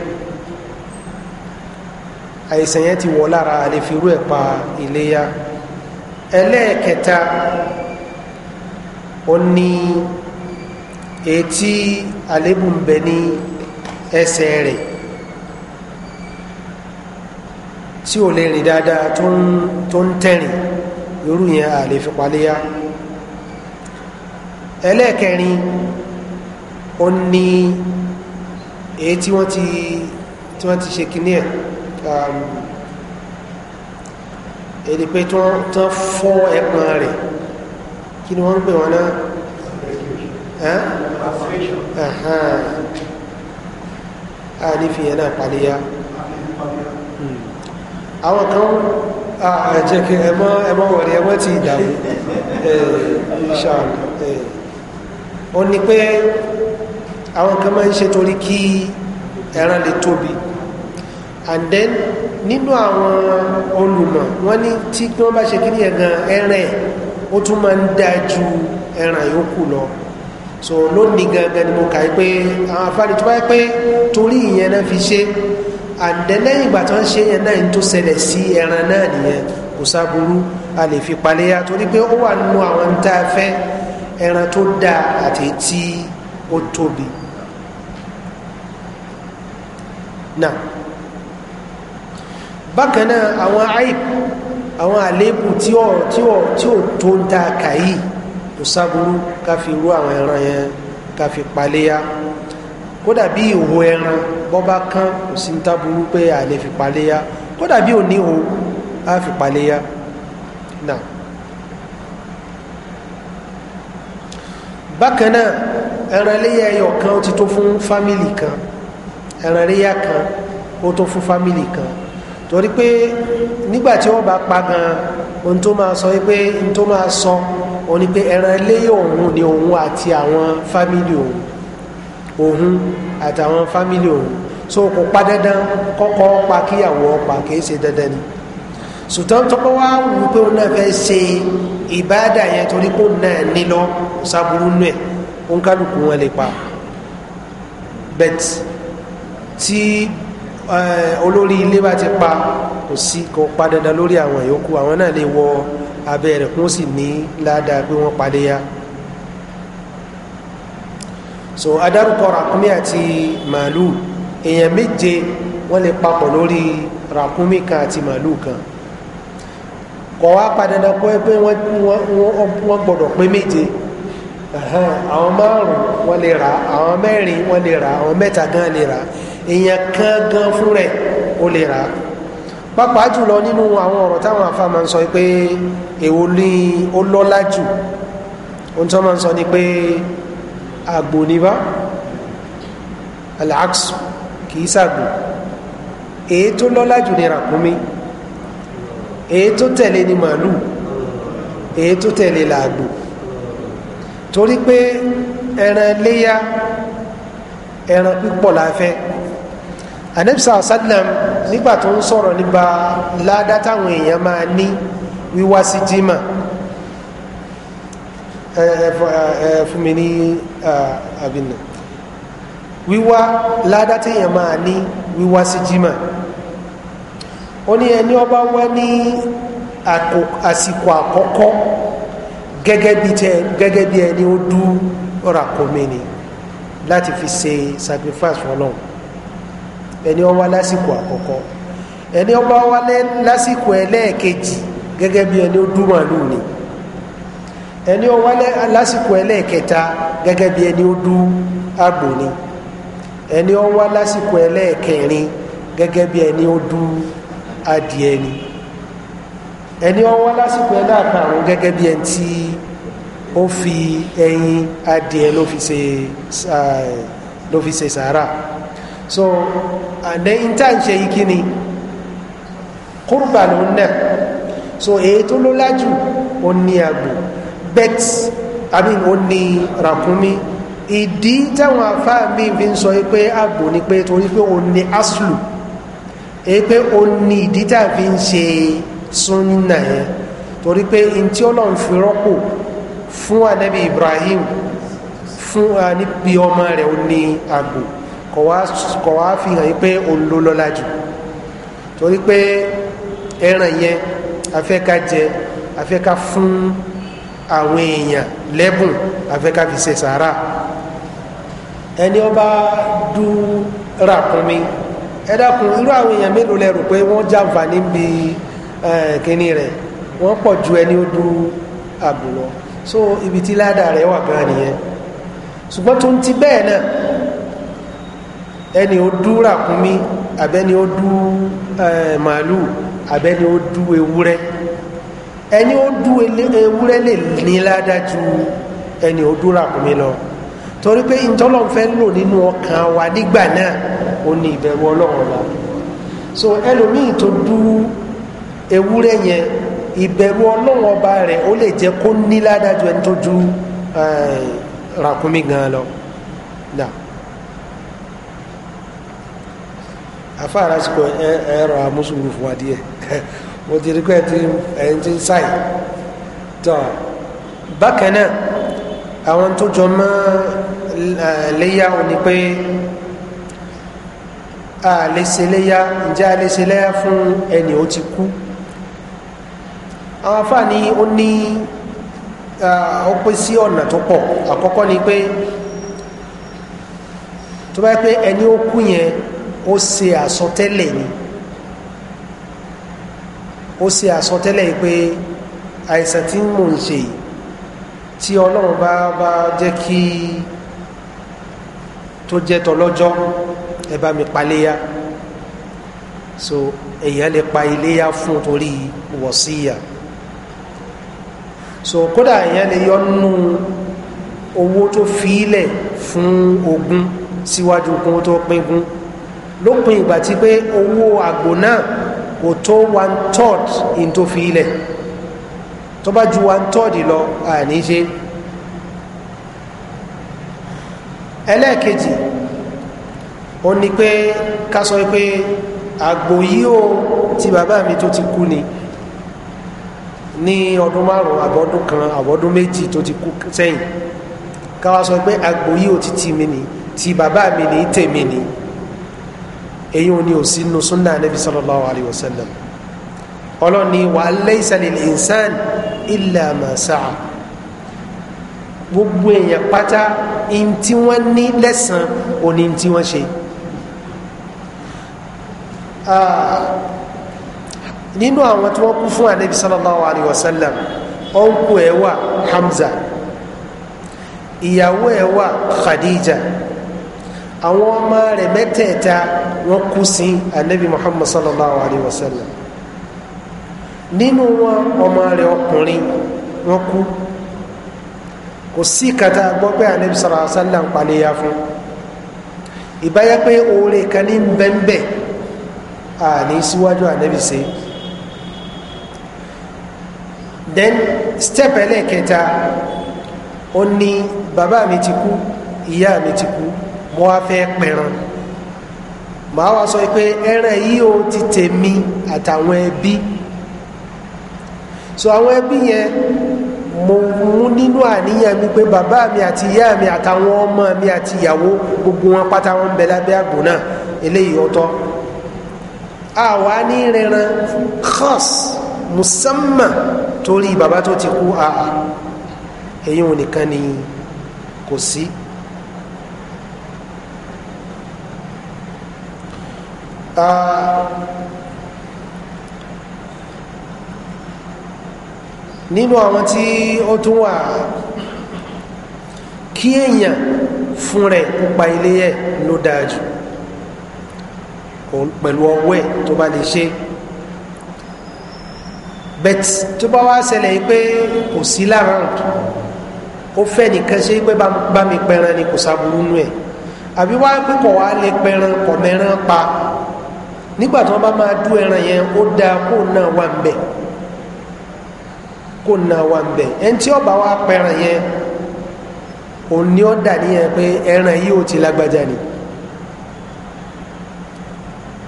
àìsàn yẹn ti wọ̀ lára a ẹ̀ pa iléyà ẹlẹ́ẹ̀kẹta ó ní èyí tí àlébù ń bẹ ní ẹsẹ̀ rẹ̀ tí ò lè rìn dáadáa tó ń tẹ̀rìn irú yẹn a lè fi paléyà ẹlẹ́ẹ̀kẹrin ó ní èyí tí wọ́n ti tí wọ́n ti ṣe kíní ẹ̀ um, èdè pé tí wọ́n tán fọ́ ẹ̀pọ̀n rẹ̀ kí ni wọ́n ń pè wọ́n náà a ní fi yẹn náà paléyà hmm. àwọn kan àjẹ́ ah, kí ẹ mọ́ ẹ mọ́ wọ̀rí ẹ mọ́ ti ìdààmú ṣáàlù ó ní pé àwọn kan máa ń ṣe torí kí ẹran lè tóbi and then nínú àwọn olùmọ̀ wọ́n ní tí wọ́n bá ṣe kí ní ẹ̀gàn ẹran ẹ̀ ó tún máa ń dáa ju ẹran yòókù lọ so lónìí gangan ni mo kà í pé àwọn afáàní tó bá yẹ pé torí ìyẹn náà fi ṣe àǹdẹ lẹ́yìn ìgbà tó ń ṣe yẹn náà tó ṣẹlẹ̀ sí ẹran náà nìyẹn kò sáburú a lè fi paléyà torí pé ó wà nínú àwọn ń tá a fẹ́ ẹran tó dáa àti tí ó tóbi náà bákan náà àwọn aib àwọn àléébù tí ò tó ń kàyí kò sáburú ká fi rú àwọn ẹran yẹn ká fi paléyà kódà bí ìwo ẹran bọ́bá kán kò sí ń táburú pé a lè fi paléyá kódà bí ò ní o a fi paléyá náà bákan náà ẹran iléyà ẹyọ kan ó ti tó fún fámìlì kan ẹran iléyà kan ó tó fún fámìlì kan torí pé nígbà wọ́n bá pa gan ohun tó máa sọ pé ohun tó máa sọ òun ni pé ẹran òun ni òun àti àwọn fámìlì òun òun àtàwọn fámìlì òun so kò pa dandan kọ́kọ́ pa kíyàwó ọ̀pá kìí ṣe dandan ni sùtọ́n tọ́pọ́ wá wù pé òun náà fẹ́ ṣe ìbáàdà yẹn torí pé òun náà nílọ sábúrú nù ẹ̀ òun kálukú wọn lè pa bet tí eh, olórí ilé bá ti pa kò sí kò pa dandan lórí àwọn yòókù àwọn náà lè wọ abẹ́ rẹ̀ kó sì ní ládàá pé wọ́n padé ya so adarúkọ ràkúnmí àti màálù èèyàn méje wọ́n lè papọ̀ lórí rakumi kan àti màálù kan kọ̀ wá padàdà kọ́ ẹ pé wọ́n gbọ́dọ̀ pé méje àwọn márùn wọ́n lè rà àwọn mẹ́rin wọ́n lè rà àwọn mẹ́ta gan lè rà èèyàn kan gan fún rẹ̀ ó lè rà pápá jùlọ nínú àwọn ọ̀rọ̀ táwọn afá máa ń sọ pé èwo ni ó lọ́lá jù ohun tí wọ́n máa ń sọ ni pé àgbò ní bá alax kìí sàgbò èyí tó lọ́lá jù ní ràkúnmí èyí tó tẹ̀lé ní màálù èyí tó tẹ̀lé làgbò torí pé ẹran léyà ẹran pípọ̀ la fẹ́ anabisa nígbà tó ń sọ̀rọ̀ nípa ládá táwọn èèyàn máa ní wíwá sí jimá fún mi ní àbínà wíwá ládá téèyàn máa ní wíwá sí jimá ó ní ẹni ọba wá ní àsìkò àkọ́kọ́ gẹ́gẹ́ bí ẹni ó dú ọ̀rọ̀ àkọ́mẹ́ láti fi ṣe sacrifice fún ọlọ́run ẹni ọba lásìkò àkọ́kọ́ ẹni ọba wá lásìkò ẹlẹ́ẹ̀kejì gẹ́gẹ́ bí ẹni ó dú màlúù ni ẹni ó wá lásìkò ẹlẹ́ẹ̀kẹta gẹ́gẹ́ bí ẹni ó dú àgbò ni ẹni ó wá lásìkò ẹlẹ́ẹ̀kẹrin gẹ́gẹ́ bí ẹni ó dú adìẹ ni ẹni ó wá lásìkò ẹlẹ́ẹ̀karùn gẹ́gẹ́ bí ẹni tí ó fi ẹyin adìẹ ló fi ṣe sàárà so àdẹ́yìn tá à yìí kí ni kúrúbà ló ń nà so èyí tó ló lájú ó ní àgbò bet i mean ó ní ràkúnmí ìdí táwọn mi fi ń sọ pé àgbò ni pé torí pé ó ní aslu e pé ó ní ìdí tá fi ń ṣe súnnà yẹn torí pé n tí ọlọ́run fi rọ́pò fún anabi ibrahim fún níbi ọmọ rẹ̀ ó ní àgbò kọ̀ fi hàn pé òun ló lọ́lá jù torí pé ẹran yẹn afẹ́ka jẹ afẹ́ka àwọn èèyàn lẹ́bùn afẹ́káfi ṣe sàárà ẹni ọba dúra kún mi ẹ dákun irú àwọn èèyàn mélòó lẹ́rù pé wọ́n jàǹfààní bí kíní rẹ̀ wọ́n pọ̀ ju ẹni ó dú àbò so ibi tí ládàá rẹ̀ wà gan nìyẹn ṣùgbọ́n tó ń ti bẹ́ẹ̀ náà ẹni ó dúra kún mi àbẹ́ni ó dú màálù àbẹ́ni ó dú ewúrẹ́ ẹni ó dú ewúrẹ́ lè ní ju ẹni ó dúrà kún mi lọ torí pé ìtọ́lọ́n fẹ́ lò nínú ọkàn wa nígbà náà ó ní ìbẹ̀rù ọlọ́run wa so ẹlòmíì tó dú ewúrẹ́ yẹn ìbẹ̀rù ọlọ́run ọba rẹ̀ ó lè jẹ́ kó ní ládájú ẹni tó dú eh, ràkúnmí gan lọ afárasìkò ẹ̀rọ amúsùlùmí fún wa díẹ̀. mo ti rí pé ẹ ti ẹ̀yìn ti ń sáì tọ́ bákan náà àwọn tó jọ mọ́ léyà ò ní pé a lè ṣe léyà ǹjẹ́ a lè ṣe léyà fún ẹni ó ti kú àwọn afáàní ó ní ó pín sí ọ̀nà tó pọ̀ àkọ́kọ́ ni pé tó bá yẹ pé ẹni ó kú yẹn ó ṣe àsọtẹ́lẹ̀ ni ó ṣe àsọtẹ́lẹ̀ pé àìsàn tí mò ń ṣe tí ọlọ́run bá bá jẹ́ kí tó jẹ́ tọlọ́jọ́ ẹ bá mi paléyà so èèyàn lè pa iléyà fún torí wọ̀síyà so kódà èèyàn lè yọ nínú owó tó fílẹ̀ fún ogún síwájú kún tó pín gún lópin ìgbà tí pé owó àgbò náà kò tó one third in tó fi ilẹ̀ tó bá ju one third lọ àní ṣe ẹlẹ́ẹ̀kejì ó ní pé ká sọ pé àgbò yìí ó ti bàbá mi tó ti kú ni ní ọdún márùn àbọ̀dún kan àbọ̀dún méjì tó ti kú sẹ́yìn ká wá sọ pé àgbò yìí ó ti ti mi ni ti bàbá mi ni tèmi ni. Te èyí ò ní ò sí nu sunna anabi sallallahu alayhi wa sallam ọlọ́ni wà laysa lil insan illa ma sa'a gbogbo èèyàn pátá ihun tí wọ́n ní lẹ́sàn òní tí wọ́n ṣe nínú àwọn tí wọ́n kú fún anabi sallallahu alayhi wa sallam ọ̀nkù hamza ìyàwó ẹ̀ khadija àwọn ọmọ rẹ̀ mẹ́tẹ̀ẹ̀ta wọ́n kú sí anabi muhammad sallallahu alayhi wa sallam nínú wọn ọmọ rẹ̀ ọkùnrin wọ́n kú kò sí kata gbọ́ pé anabi sallallahu alayhi wa sallam pàlẹ́yà fún ìbáyá pé oore kan ní bẹ́ńbẹ́ àní síwájú anabi ṣe then step ẹlẹ́kẹta ó ní bàbá mi ti kú ìyá mi ti kú mo wá fẹ́ pẹran màá wá sọ pé ẹran yìí ó ti tèmi àtàwọn ẹbí so àwọn ẹbí yẹn mo mú nínú àníyàn mi pé bàbá mi àti ìyá mi àtàwọn ọmọ mi àti ìyàwó gbogbo wọn pátá wọn ń bẹ lábẹ́ àgbò náà eléyìí ọtọ́ àwa ní rẹran khas musamman torí bàbá tó ti kú àà èyí ò nìkan ni kò sí. Si nínú àwọn tí ó tún wà kí èèyàn fún rẹ̀ pa ilé ẹ̀ ló dáa jù pẹ̀lú ọwọ́ ẹ̀ tó bá lè ṣe bet tó bá wá ṣẹlẹ̀ pé kò sí lára ó fẹ́ nìkan ṣe pé bá mi pẹran ni kò sábúrú nú ẹ̀ àbí wá pé wá lè pẹran kọ̀ pa nígbà tí wọ́n bá máa dú ẹran yẹn ó dáa kó náà wà ń bẹ̀ kó náà wà ń bẹ̀ ẹni tí ọba wa pẹran yẹn òun ni ó dà níyẹn pé ẹran yìí ó ti lágbájá ni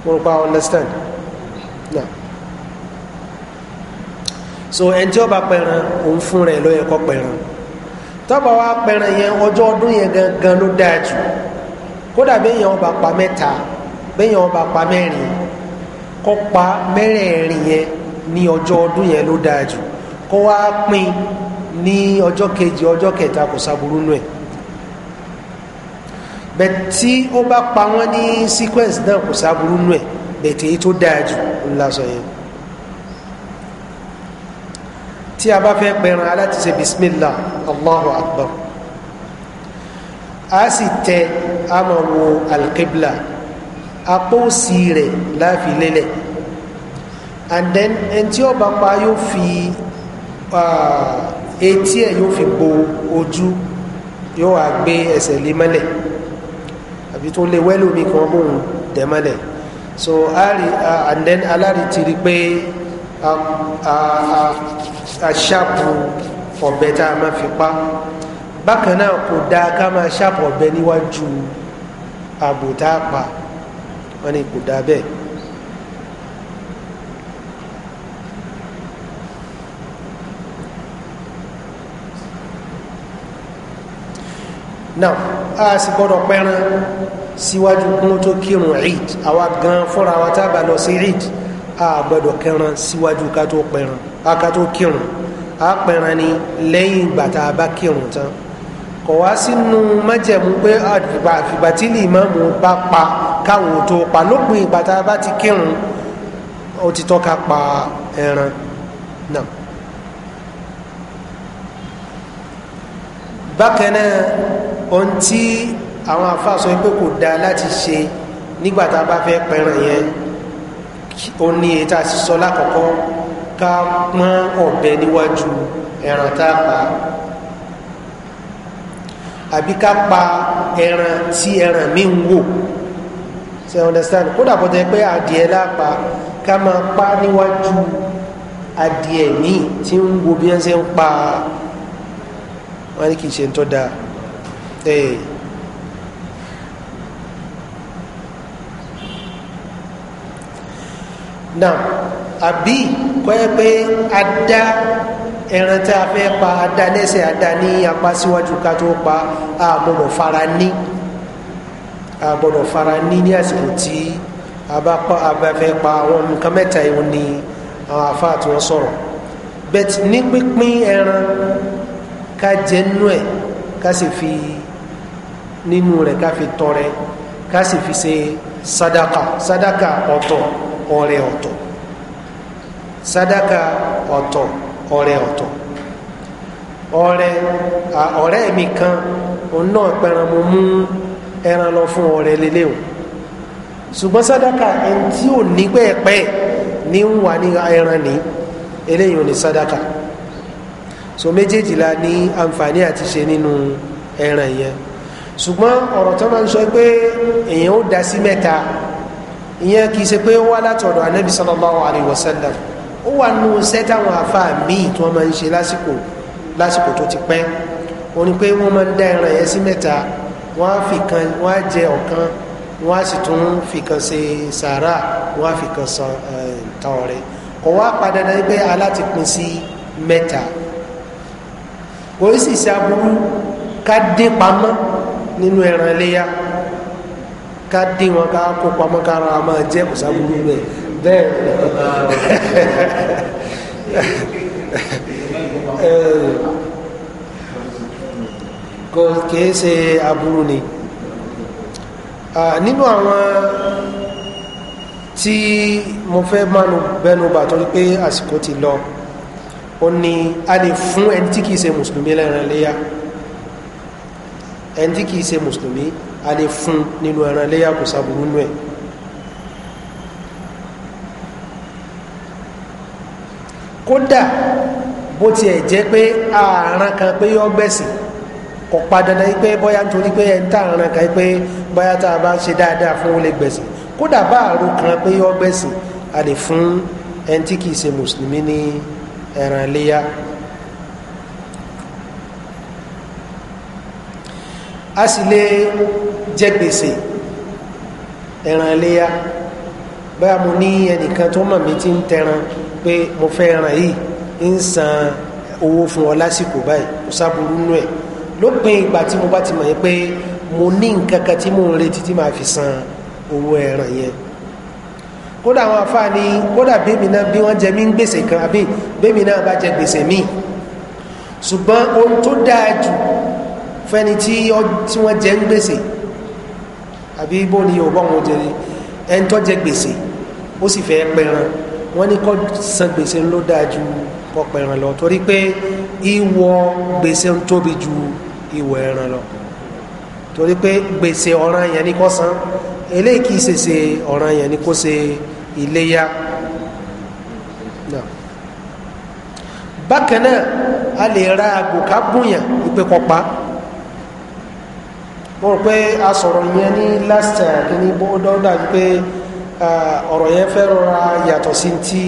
mo pa understand na so ẹni tí ọba pẹran òun fún rẹ ló yẹ kó pẹran tọ́ba wa pẹran yẹn ọjọ́ ọdún yẹn gangan ló dáa jù kódà bẹ́ẹ̀ yẹn ọba pa mẹ́ta bẹ́ẹ̀ yẹn ọba pa mẹ́rin kó pa mẹ́rẹ̀ẹ̀rin yẹn ní ọjọ́ ọdún yẹn ló dáa jù kó wá pín ní ọjọ́ kejì ọjọ́ kẹta kò sábúrú nù ẹ̀ bẹ́ẹ̀ tí ó bá pa wọ́n ní sequence náà kò sábúrú nù ẹ̀ bẹ́ẹ̀ tí èyí tó dáa jù ńlá sọ yẹn tí a bá fẹ́ pẹran aláti ṣe allahu akbar a sì tẹ a wo alqibla. Al apó òsì rẹ̀ láfi lélẹ̀ and then ẹni tí ọba pa yóò fi etí ẹ̀ yóò fi bo ojú yóò wá gbé ẹsẹ̀ lé mọ́lẹ̀ àbí tó lé wẹ́lómi kan mú un dẹ̀ mọ́lẹ̀ so ari uh, and then alari ti a a aṣáàpù ọ̀bẹ tá a máa fi pa bákan náà kò dáa ká máa ṣáàpù ọ̀bẹ níwájú àbò tá pa wọ́n ní kò dáa bẹ́ẹ̀. now a sì gbọ́dọ̀ pẹran síwájú kún tó kírun eid àwa gan fúnra wa tá a bá lọ sí eid a gbọ́dọ̀ kẹran síwájú ká tó pẹran ká tó kírun a pẹran ni lẹ́yìn ìgbà tá a bá kírun tán kọ̀ sínú májẹ̀mú pé àfìgbà tí lè má mú bá pa káwọn tó pa lópin ìgbà tá a bá ti kírun ó ti tọ́ka pa ẹran náà. bákan náà ohun tí àwọn àfáà sọ pé kò dáa láti ṣe nígbà tá a bá fẹ́ pẹran yẹn ó ní èyí tá lákọ̀ọ́kọ́ ká pọ́n ọ̀bẹ níwájú ẹran tá a pa àbí ká pa ẹran tí ẹran mi ń wò ṣe understand kódà bó tẹ pé adìẹ lápá ká máa pa níwájú adìẹ míì tí ń wo bí wọ́n ṣe ń pa wọ́n ní kì í ṣe ń tọ́ da ee. now àbí kọ́ ẹ pé adá ẹran tá a fẹ́ pa adá lẹ́sẹ̀ adá ní apá síwájú ká tó pa àmọ́ mọ̀ fara ní a gbọ́dọ̀ fara ní ní àsìkò tí abafẹ́ pa àwọn nǹkan mẹ́ta ìwọ̀n ni àwọn àfáà tí wọ́n sọ̀rọ̀ bẹ́ẹ̀ ní pínpín ẹran ká jẹ nínú ẹ̀ ká sì fi nínú rẹ̀ ká fi tọrẹ ká sì fi ṣe sadaka sadaka ọ̀tọ̀ ọrẹ ọ̀tọ̀ sadaka ọ̀tọ̀ ọrẹ ọ̀tọ̀ ọrẹ ọ̀rẹ́ mi kan òun náà pẹran mo mú ẹran lọ fún ọrẹ lélẹ̀ o ṣùgbọ́n sádàkà ẹni tí ò ní pẹ́ẹ́pẹ́ ní ń wà ní ẹran ní eléyìí ò ní sádàkà so méjèèjì la ní àǹfààní àti ṣe nínú ẹran yẹn ṣùgbọ́n ọ̀rọ̀ tó máa ń sọ pé èèyàn ó da sí mẹ́ta ìyẹn kì í ṣe pé ó wá látọ̀dọ̀ anábì sallallahu alayhi wa ó wà nù sẹ́tàwọn àfa míì tí wọ́n máa ń ṣe lásìkò lásìkò tó ti pẹ́ wọ́n pé wọ́n máa ń dá ẹran yẹn sí mẹ́ta wọ́n á fi kan wọ́n á jẹ ọ̀kan wọ́n á sì tún fi kan ṣe sàárà wọ́n á fi kan san tán rẹ̀ kò wá padà dá pé aláti pín sí mẹ́ta oríṣiríṣi aburú ká dín pamọ́ nínú ẹran iléyà ká dín wọn ká kó pamọ́ ká ara máa jẹ́ kò sábúrú rẹ̀ bẹ́ẹ̀ ẹ̀ẹ́. kò kìí ṣe aburú ni nínú àwọn tí mo fẹ́ mánu bẹnu bà torí pé àsìkò ti lọ ó ní a lè fún ẹni tí kìí ṣe mùsùlùmí lẹ́ran léyà ẹni tí kìí ṣe mùsùlùmí a lè fún nínú ẹran léyà kò sáburú nù ẹ̀ kódà bó tiẹ̀ jẹ́ pé ààrán kan pé yọ gbẹ̀sìn kò pa dandan yìí pé bóyá nítorí pé ẹ̀ ń tà ń rankan pé bóyá tá a bá ń ṣe dáadáa fún olè gbẹ̀sìn kódà bá àrò kan pé yọ gbẹ̀sìn a lè fún ẹni tí kìí ṣe mùsùlùmí ní ẹran léyà. a sì lè jẹ gbèsè ẹran léyà bóyá mo ní ẹnìkan tó mọ̀ mí ti ń tẹran pé mo fẹ́ ẹran yìí ń san owó fún ọ lásìkò báyìí kò sábúrú nú ẹ̀ lópin ìgbà tí mo bá ti mọ̀ yẹn pé mo ní nǹkan kan tí mò ń retí tí màá fi san owó ẹran yẹn kódà àwọn afáà ni kódà bẹ́ẹ̀mì náà bí wọ́n jẹ mí ń gbèsè kan àbí bẹ́ẹ̀mì náà bá jẹ gbèsè míì ṣùgbọ́n ohun tó dáa jù fẹ́ni tí wọ́n jẹ ń gbèsè àbí bó ni yóò bọ́ wọn jẹ ẹni tó jẹ gbèsè ó sì fẹ́ pẹran wọ́n ní kọ́ san gbèsè ló dáa ju kọ́ pẹran lọ torí pé ìwọ gbèsè ń tóbi ju ìwọ̀ ẹran lọ torí pé gbèsè ọ̀ràn yẹn ni kò san eléyìí kì í ṣèṣe ọ̀ràn yẹn ni kò ṣe iléyà bákan náà a lè ra àgùká gúnyàn ìpè kọpa mo pé a sọ̀rọ̀ yẹn ní last time kí ni bó dọ́dà pé ọ̀rọ̀ yẹn fẹ́ rọra yàtọ̀ sí ti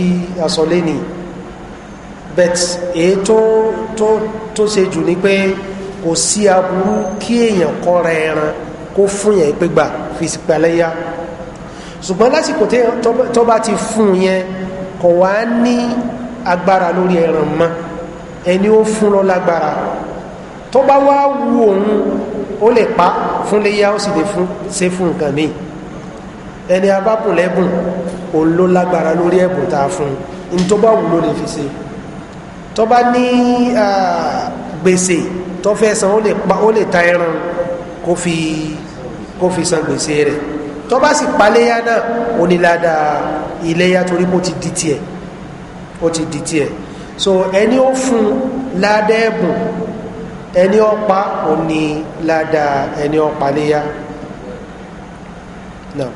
àsọlé ni bet èyí tó tó tó ṣe jù ni pé kò sí aburú kí èèyàn kọ́ra ẹran kó fún yẹn pé gbà fi sìpàlẹ́yà ṣùgbọ́n lásìkò tó bá ti fún yẹn kò wá ní agbára lórí ẹran mọ́ ẹni ó fún lọ lágbára tó bá wá wu òun ó lè pa fúnléyà ó sì lè ṣe fún nǹkan míì ẹni abábùn lẹ́bùn ló lágbára lórí ẹ̀bùn tá a fún ní tó bá wù ló lè fi ṣe tó bá ní gbèsè. Uh, tó fẹ́ san ó lè pa ó lè ta ẹran kó fi kó fi san gbèsè rẹ̀ tó bá sì paléyà náà ó ní ládàá iléyà torí pé ti di tiẹ̀ ó ti di tiẹ̀ so ẹni ó fún ládẹ́ẹ̀bùn ẹni ọ̀pá òní ládàá ẹni ọ̀pá léyà náà.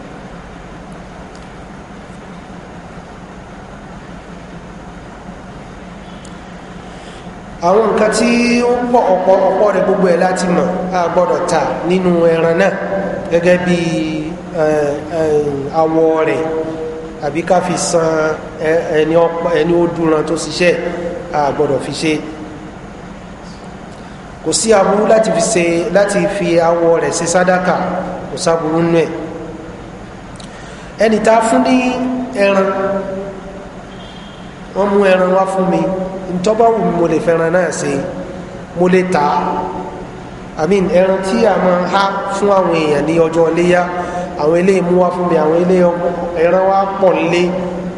àwọn nǹkan tí ó pọ̀ ọ̀pọ̀ ọ̀pọ̀ rẹ̀ gbogbo ẹ̀ láti mọ̀ a ta nínú ẹran náà gẹ́gẹ́ bí awọ rẹ̀ àbí fi san ẹni ó dúnran tó ṣiṣẹ́ a gbọ́dọ̀ fi ṣe kò sí aburú fi awọ rẹ̀ ṣe kò sáburú ẹ̀ ẹni fún ní ntọ́ba wù mí mo lè fẹ́ràn náà ṣe mo lè tà á àmì ẹran tí a máa há fún àwọn èèyàn ní ọjọ́ iléyà àwọn eléyìí mú wá fún mi àwọn eléyìí ẹran wá pọ̀ lé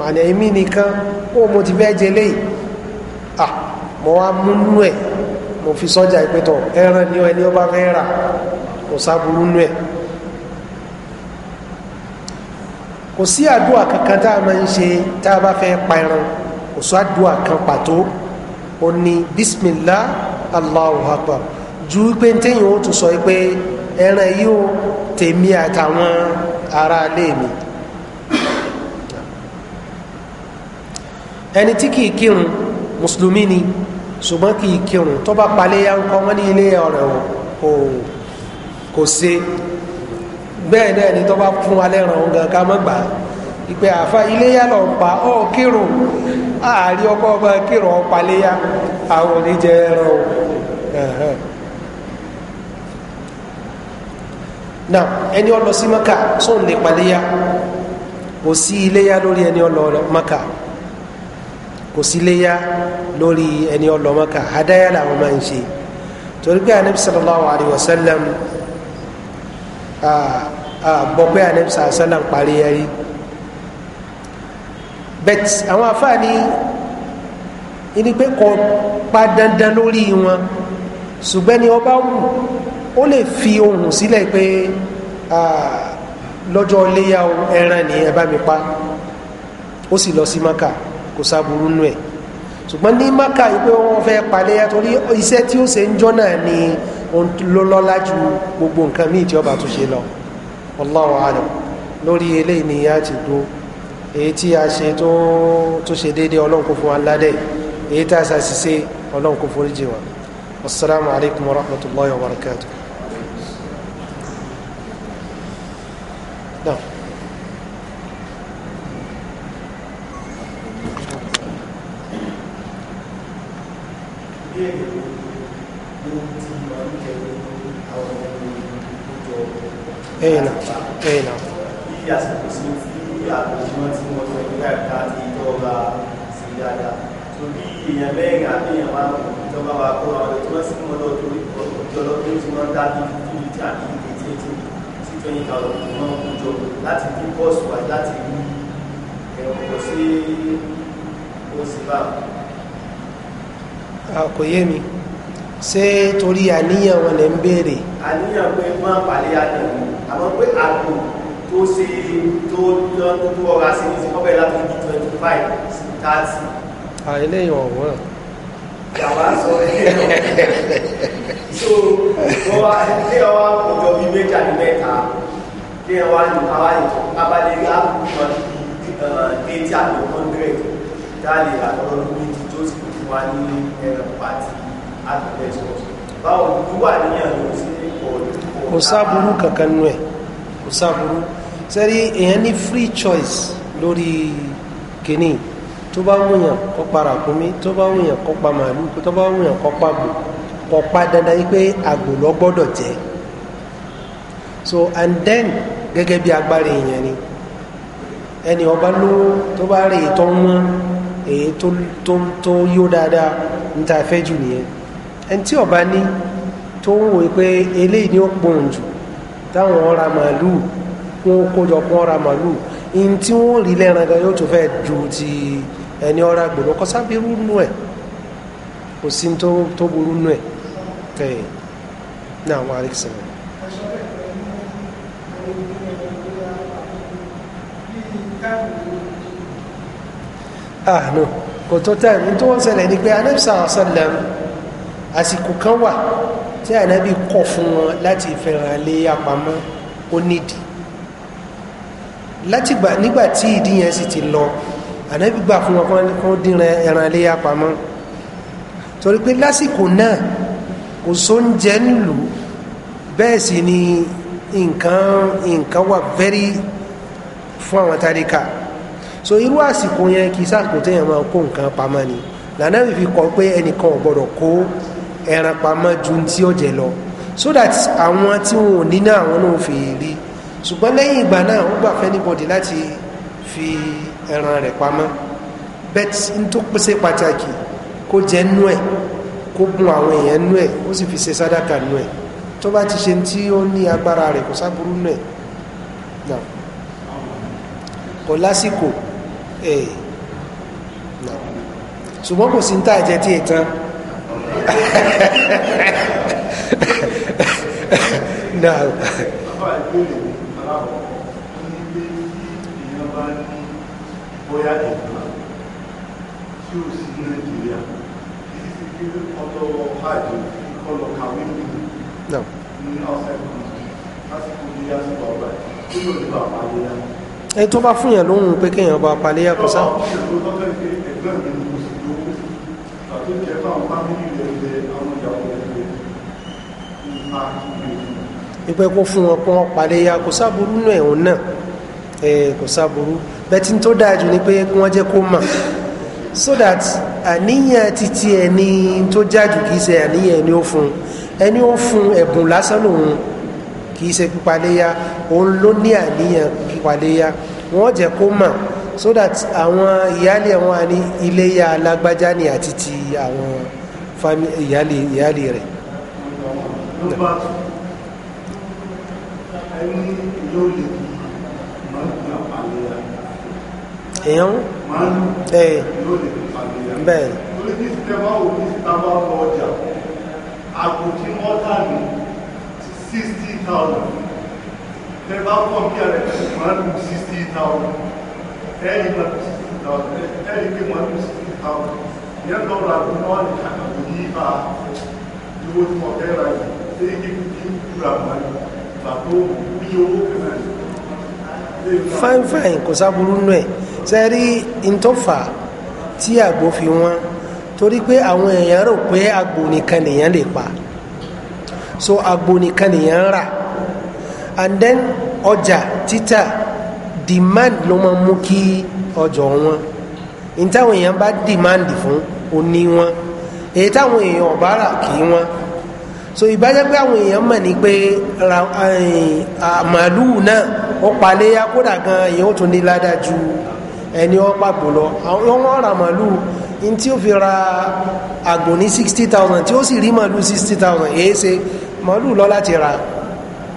àná èmi nìkan ó mo ti fẹ́ jẹ léyìí à mo wá múnú ẹ̀ mo fi sọ́jà ìpẹ́tọ̀ ẹran ni ẹni ọba fẹ́ rà kò sáburú nú ẹ̀ kò sí àdúrà kankan tá a máa ń ṣe tá a bá fẹ́ pa ẹran kò sọ àdúrà kan pàtó o ní bísímìlá Allahu akbar ju pé téèyàn ó tún sọ pé ẹran yìí ó tèmi àtàwọn aráalé mi. ẹni tí kìí kírun mùsùlùmí ni ṣùgbọ́n kìí kírun tó bá palẹ̀ ya ń kọ́ wọ́n ní ilé ọ̀rẹ́ wọn kò kò ṣe náà ni tó bá fún wa lẹ́ràn ọ̀hún ká mọ́ gbà ìpè àfa iléyà lọ pa ọ kírun ààrí ọkọ ọba kírun ọpa léyà àwọn oníjẹ ẹran o now ẹni ọlọ sí maka sóun lè paléyà kò sí iléyà lórí ẹni ọlọ maka kò sí iléyà lórí ẹni ọlọ maka adáyà làwọn máa ń ṣe torí pé anabi sallallahu alayhi wa sallam gbọ́ pé anabi sallallahu alayhi wa sallam parí ẹrí bet àwọn afáàní ìdí pé kò pa dandan lórí wọn ṣùgbọ́n ni ọba wù ó lè fi ohùn sílẹ̀ pé lọ́jọ́ léyà ẹran ni ẹ bá mi pa ó sì lọ sí maka kò sáburú nù ẹ̀ ṣùgbọ́n ní maka ìpé wọn fẹ́ palẹ́yà torí iṣẹ́ tí ó ṣe ń jọ́ náà ni ló lọ́lá ju gbogbo nǹkan míì tí tó ṣe lọ wallahu alam lórí eléyìí ni a ti dúró èyí tí a ṣe tó tó ṣe déédé ọlọ́run kò fún wa ládẹ́ èyí tá a ṣàṣìṣe ọlọ́run kò foríjì wa wasalaamualeykum wa rahmatulahi wa barakatuh. kò yé mi ṣé torí àníyàn wọn lè ń béèrè.
àníyàn pé máa pàlẹ́ àdàn àmọ́ pé àgbò tó ṣe tó tó ọ̀rá sí ní ti kọ́bẹ̀ láti ní twenty five sí thirty.
àìlẹ́yìn ọ̀wọ́n.
yàrá sọ ẹ̀yìn so wọ́n ṣe ọwọ́ ọjọ́ bíi méjì àti mẹ́ta kí ẹ wá ní àwa ìtọ́ abalẹ̀ rí àbùkù kan déètì àbí hundred dáàlì àtọ́lọ́dún méjì tó sì fún wa ní ẹran pàtì àtọ̀lẹ́sọ̀ báwo ló wà níyàn ló sí
ọ̀dọ́ kò sáàbùrú kankan nù ẹ̀ kò sáàbùrú sẹ́rí èèyàn ní free choice lórí kìíní tó bá wùyàn kó pa ràkúnmí tó bá wùyàn kó pa màálù tó bá wùyàn kó pa àgbò kó pa dandan yìí pé àgbò lọ gbọ́dọ̀ jẹ́ so and then gẹ́gẹ́ bí agbára èèyàn ni ẹni ọba lówó tó bá rè é tó ń wọ́n. èyí eh, tó yó dáadáa ń ta fẹ́ jù nìyẹn ẹni tí ọba ní tó ń wòye pé eléyìí ni ó pòun jù táwọn ọ̀ra màálù wọn kójọ pọ̀ ọ̀ra màálù ihun tí wọ́n rí lẹ́ran yóò tó fẹ́ ju ti ẹni ọ̀ra gbòòrò kọ́ nù ẹ̀ kò sí tó burú nù ẹ̀ tẹ̀ àánú kò tó time ní tó wọ́n ṣẹlẹ̀ ni pé anabisa ọ̀sánlẹ̀m àsìkò kan wà tí anabi kọ̀ fún wọn láti fẹ̀ràn lé apamọ́ ó nídìí látìgbà nígbà tí ìdí yẹn sì ti lọ anabi gbà fún wọn kó dín ẹran lé apamọ́ torí pé lásìkò náà kò sóúnjẹ nílùú bẹ́ẹ̀ sì ni nǹkan nǹkan wà very fún àwọn tàríkà so irú àsìkò yẹn kì í sàkó téèyàn máa kó nǹkan pamọ́ ni lànàbì fi kọ pé ẹnìkan ò gbọdọ̀ kó ẹran pamọ́ ju tí ó jẹ lọ so that àwọn tí wọn ò ní náà àwọn náà fi rí ṣùgbọ́n lẹ́yìn ìgbà náà ó gbà fẹ́ níbọ̀dì láti fi ẹran rẹ̀ pamọ́ bet n tó pèsè pàtàkì kó jẹ nú ẹ̀ kó gun àwọn èèyàn nú ẹ̀ ó sì fi ṣe sádàkà nú ẹ̀ tó bá ti ṣe tí ó ní agbára rẹ̀ kó sábúrú nú ẹ̀ kò lásìkò. No ee eh. ṣùgbọ́n kò sí ń tà jẹ́ tí ìtàn ní ọ̀sẹ̀
kan lásìkò ní yásùpọ̀ ọ̀gbà tí ó lè bá wáyé yá
ẹ tó bá fún yàn lóhùn pé kéèyàn bá palẹ̀ yà kó sá. ìpẹ́ kó fún wọn pọ́n palẹ̀ yà kó sá burú náà ẹ kò bẹ́tí tó dáa ni pé kí wọ́n jẹ́ kó mọ̀ so that àníyàn títí ẹni tó jájú kìí ṣe àníyàn ẹni ó fún ẹni ó fún ẹ̀bùn lásán lòun kìí ṣe pípa léyà òun ló ní àníyàn ìpàdéyà wọ́n jẹ́ kó mọ̀ so that àwọn ìyáálé wọn ní iléyà alágbájá ni àti ti àwọn ìyáálé ìyáálé rẹ̀. èèyàn ẹ bẹ́ẹ̀
àgùntí mọ́tà ní sixty thousand tẹ bá pọ̀ kí ẹ̀rẹ̀ màálù sixty thousand ẹ̀rì màálù sixty thousand ẹ̀rì pé màálù sixty thousand ìyẹn lọ ra ló náà ní àkàtò ní ibà owó tí wọ́n fẹ́ ra yìí ṣé kí kí n kúra màálù pàtó bí owó kẹfẹ́ fine fine
kò sáburú nù ẹ ṣe rí tí àgbò fi wọ́n torí pé àwọn èèyàn rò pé àgbò nìkan lèèyàn lè pa so àgbò nìkan lèèyàn rà and then ọjà títà demand ló máa mú kí ọjọ́ wọn n táwọn èèyàn bá demand fún òní wọn èyí táwọn èèyàn ọ̀bá rà kì wọn so ìbájẹ́ pé àwọn èèyàn mọ̀ ní pé eh, màálù náà ó paléyà kódà gan èèyàn ó tún ní ládàá ju ẹni ó pàgbò lọ àwọn ọmọ ra màálù ní tí ó fi ra àgbò ní sixty thousand tí ó sì rí màálù sixty thousand èé ṣe màálù lọ láti rà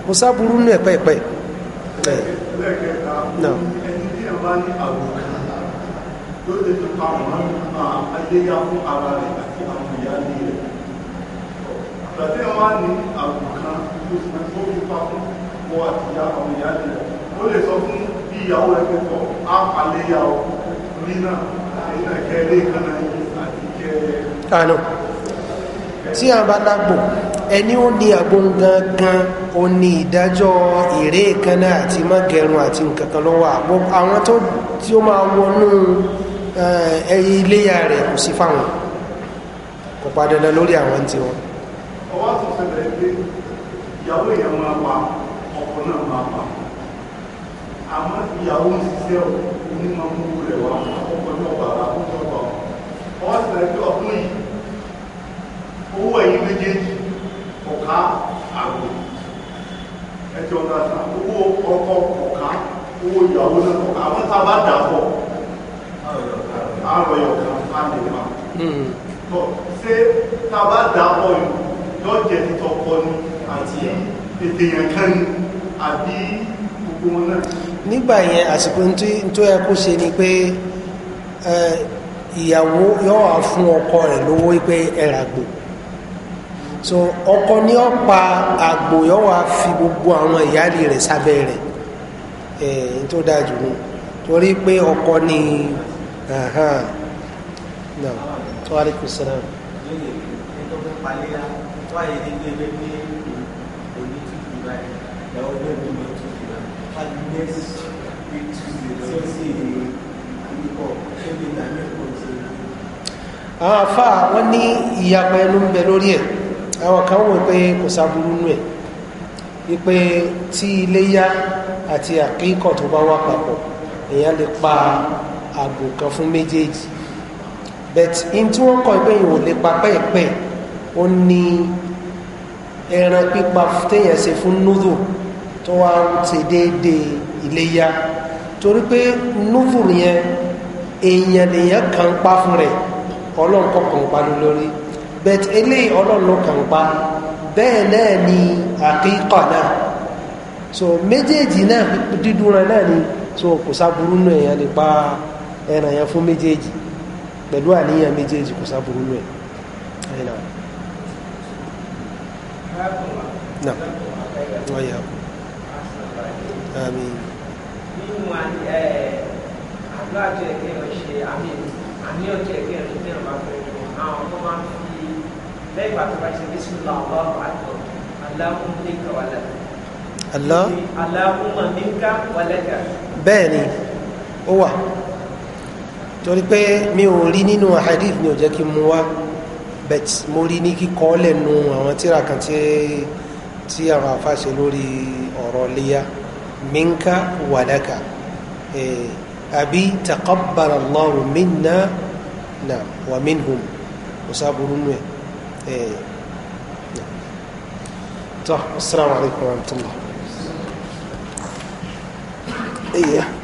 kò sáburú nù ẹ̀pẹ́ ẹ̀pẹ́. Gbàtí
ọmọ ní àwòkán tó fi tó fi pa fún ọ àti ìyá ọmọ ìyá rẹ̀, ó lè sọ fún bí ìyàwó rẹ̀ pẹ̀pọ̀ á palẹ̀ ìyàwó nínà, nínà kẹ́ lé kan náà àti
kẹ́. Àná tí a bá lágbo ẹni ó ní àgbo gangan ó ní ìdájọ́ ìré ìkànnà àti mọ́gẹrun àti nǹkan kan lọ́wọ́ àgbo àwọn tó tí ó máa wọnú eh, ẹyí iléyà rẹ̀ kò sí fáwọn kò padà lọ lórí àwọn tí wọn.
ọwọ́ àtúnṣe rẹ̀ pé ìyàwó èèyàn máa pa ọkọ náà máa pa àmọ́ ìyàwó ń ṣiṣẹ́ onímọ̀ mú rẹ̀ wá ọkọ̀ náà bàbá ọkọ̀ náà bàbá ọwọ́ àtúnṣe rẹ̀ pé ọkùnrin owó ẹ̀yìn méjèèjì ọ̀ká àgbò ẹjọ́ gbàgbà owó ọkọ ọ̀ká owó ìyàwó náà ọ̀ká àwọn tá a bá dà pọ̀ àrọ̀ yọ̀ká á lè pa hmm. tọ́ ṣé tá a bá dà pọ̀ yìí lọ́jẹ̀ ni àti ètè yẹn kan ni àbí gbogbo wọn náà. nígbà yẹn àsìkò yẹ
kó ṣe ni pé ìyàwó yóò so ọkọ ní ọ̀pá àgbò yọ wá fi gbogbo àwọn ìyáálé rẹ̀ sábẹ́ rẹ̀ ẹ̀ eh, tó dáa jù nù torí pé ọkọ ní náà tó wà lẹ́kùn sílẹ̀. àwọn afa wọn ní ìyàpẹ̀ ẹnu ń bẹ lórí ẹ̀ àwọn kan wò pé kò sáburú nú ẹ̀ wípé tí iléyá àti àkíkọ̀ tó bá wà papọ̀ èèyàn lè pa àgbò kan fún méjèèjì but in tí wọ́n kọ́ pé èèyàn ò lè pa pẹ́ẹ̀pẹ́ ó ní ẹran pípa téèyàn ṣe fún núdù tó wá ń ṣe déédéé iléyá torí pé núdù yẹn èèyàn lèèyàn kan pa fún rẹ̀ ọlọ́run pa lórí bẹ̀t eléyìí ọlọ́run kàn pa bẹ́ẹ̀ náà ni àkíkà náà so méjèèjì náà dídúnra náà ni so kò sáburú nù èèyàn lè pa ẹran yẹn fún méjèèjì pẹ̀lú àníyàn méjèèjì kò sáburú náà.
نعم
وإياكم
آمين àdúrà tó yẹ kéèyàn ṣe àmì àníyàn tó yẹ kéèyàn ṣe téèyàn bá fẹ́ àwọn tó
máa ń fún lẹ́yìn ìgbà tó bá ṣe bísímìlá ọlọ́run àjọ aláhùn níkà wàlẹ̀. aláhùn níkà wàlẹ̀ kà.
bẹ́ẹ̀ ni ó wà torí pé mi ò rí nínú hadith mi ò jẹ́ kí n mú wá bet mo rí ní kíkọ́ lẹ́nu àwọn tíra kan tí àwọn afáṣe lórí ọ̀rọ̀ léyà minka wàlẹ́kà àbí taqabbal Allahu minna na wa minhum burúkú ẹ̀. طيب السلام عليكم
ورحمة الله إيه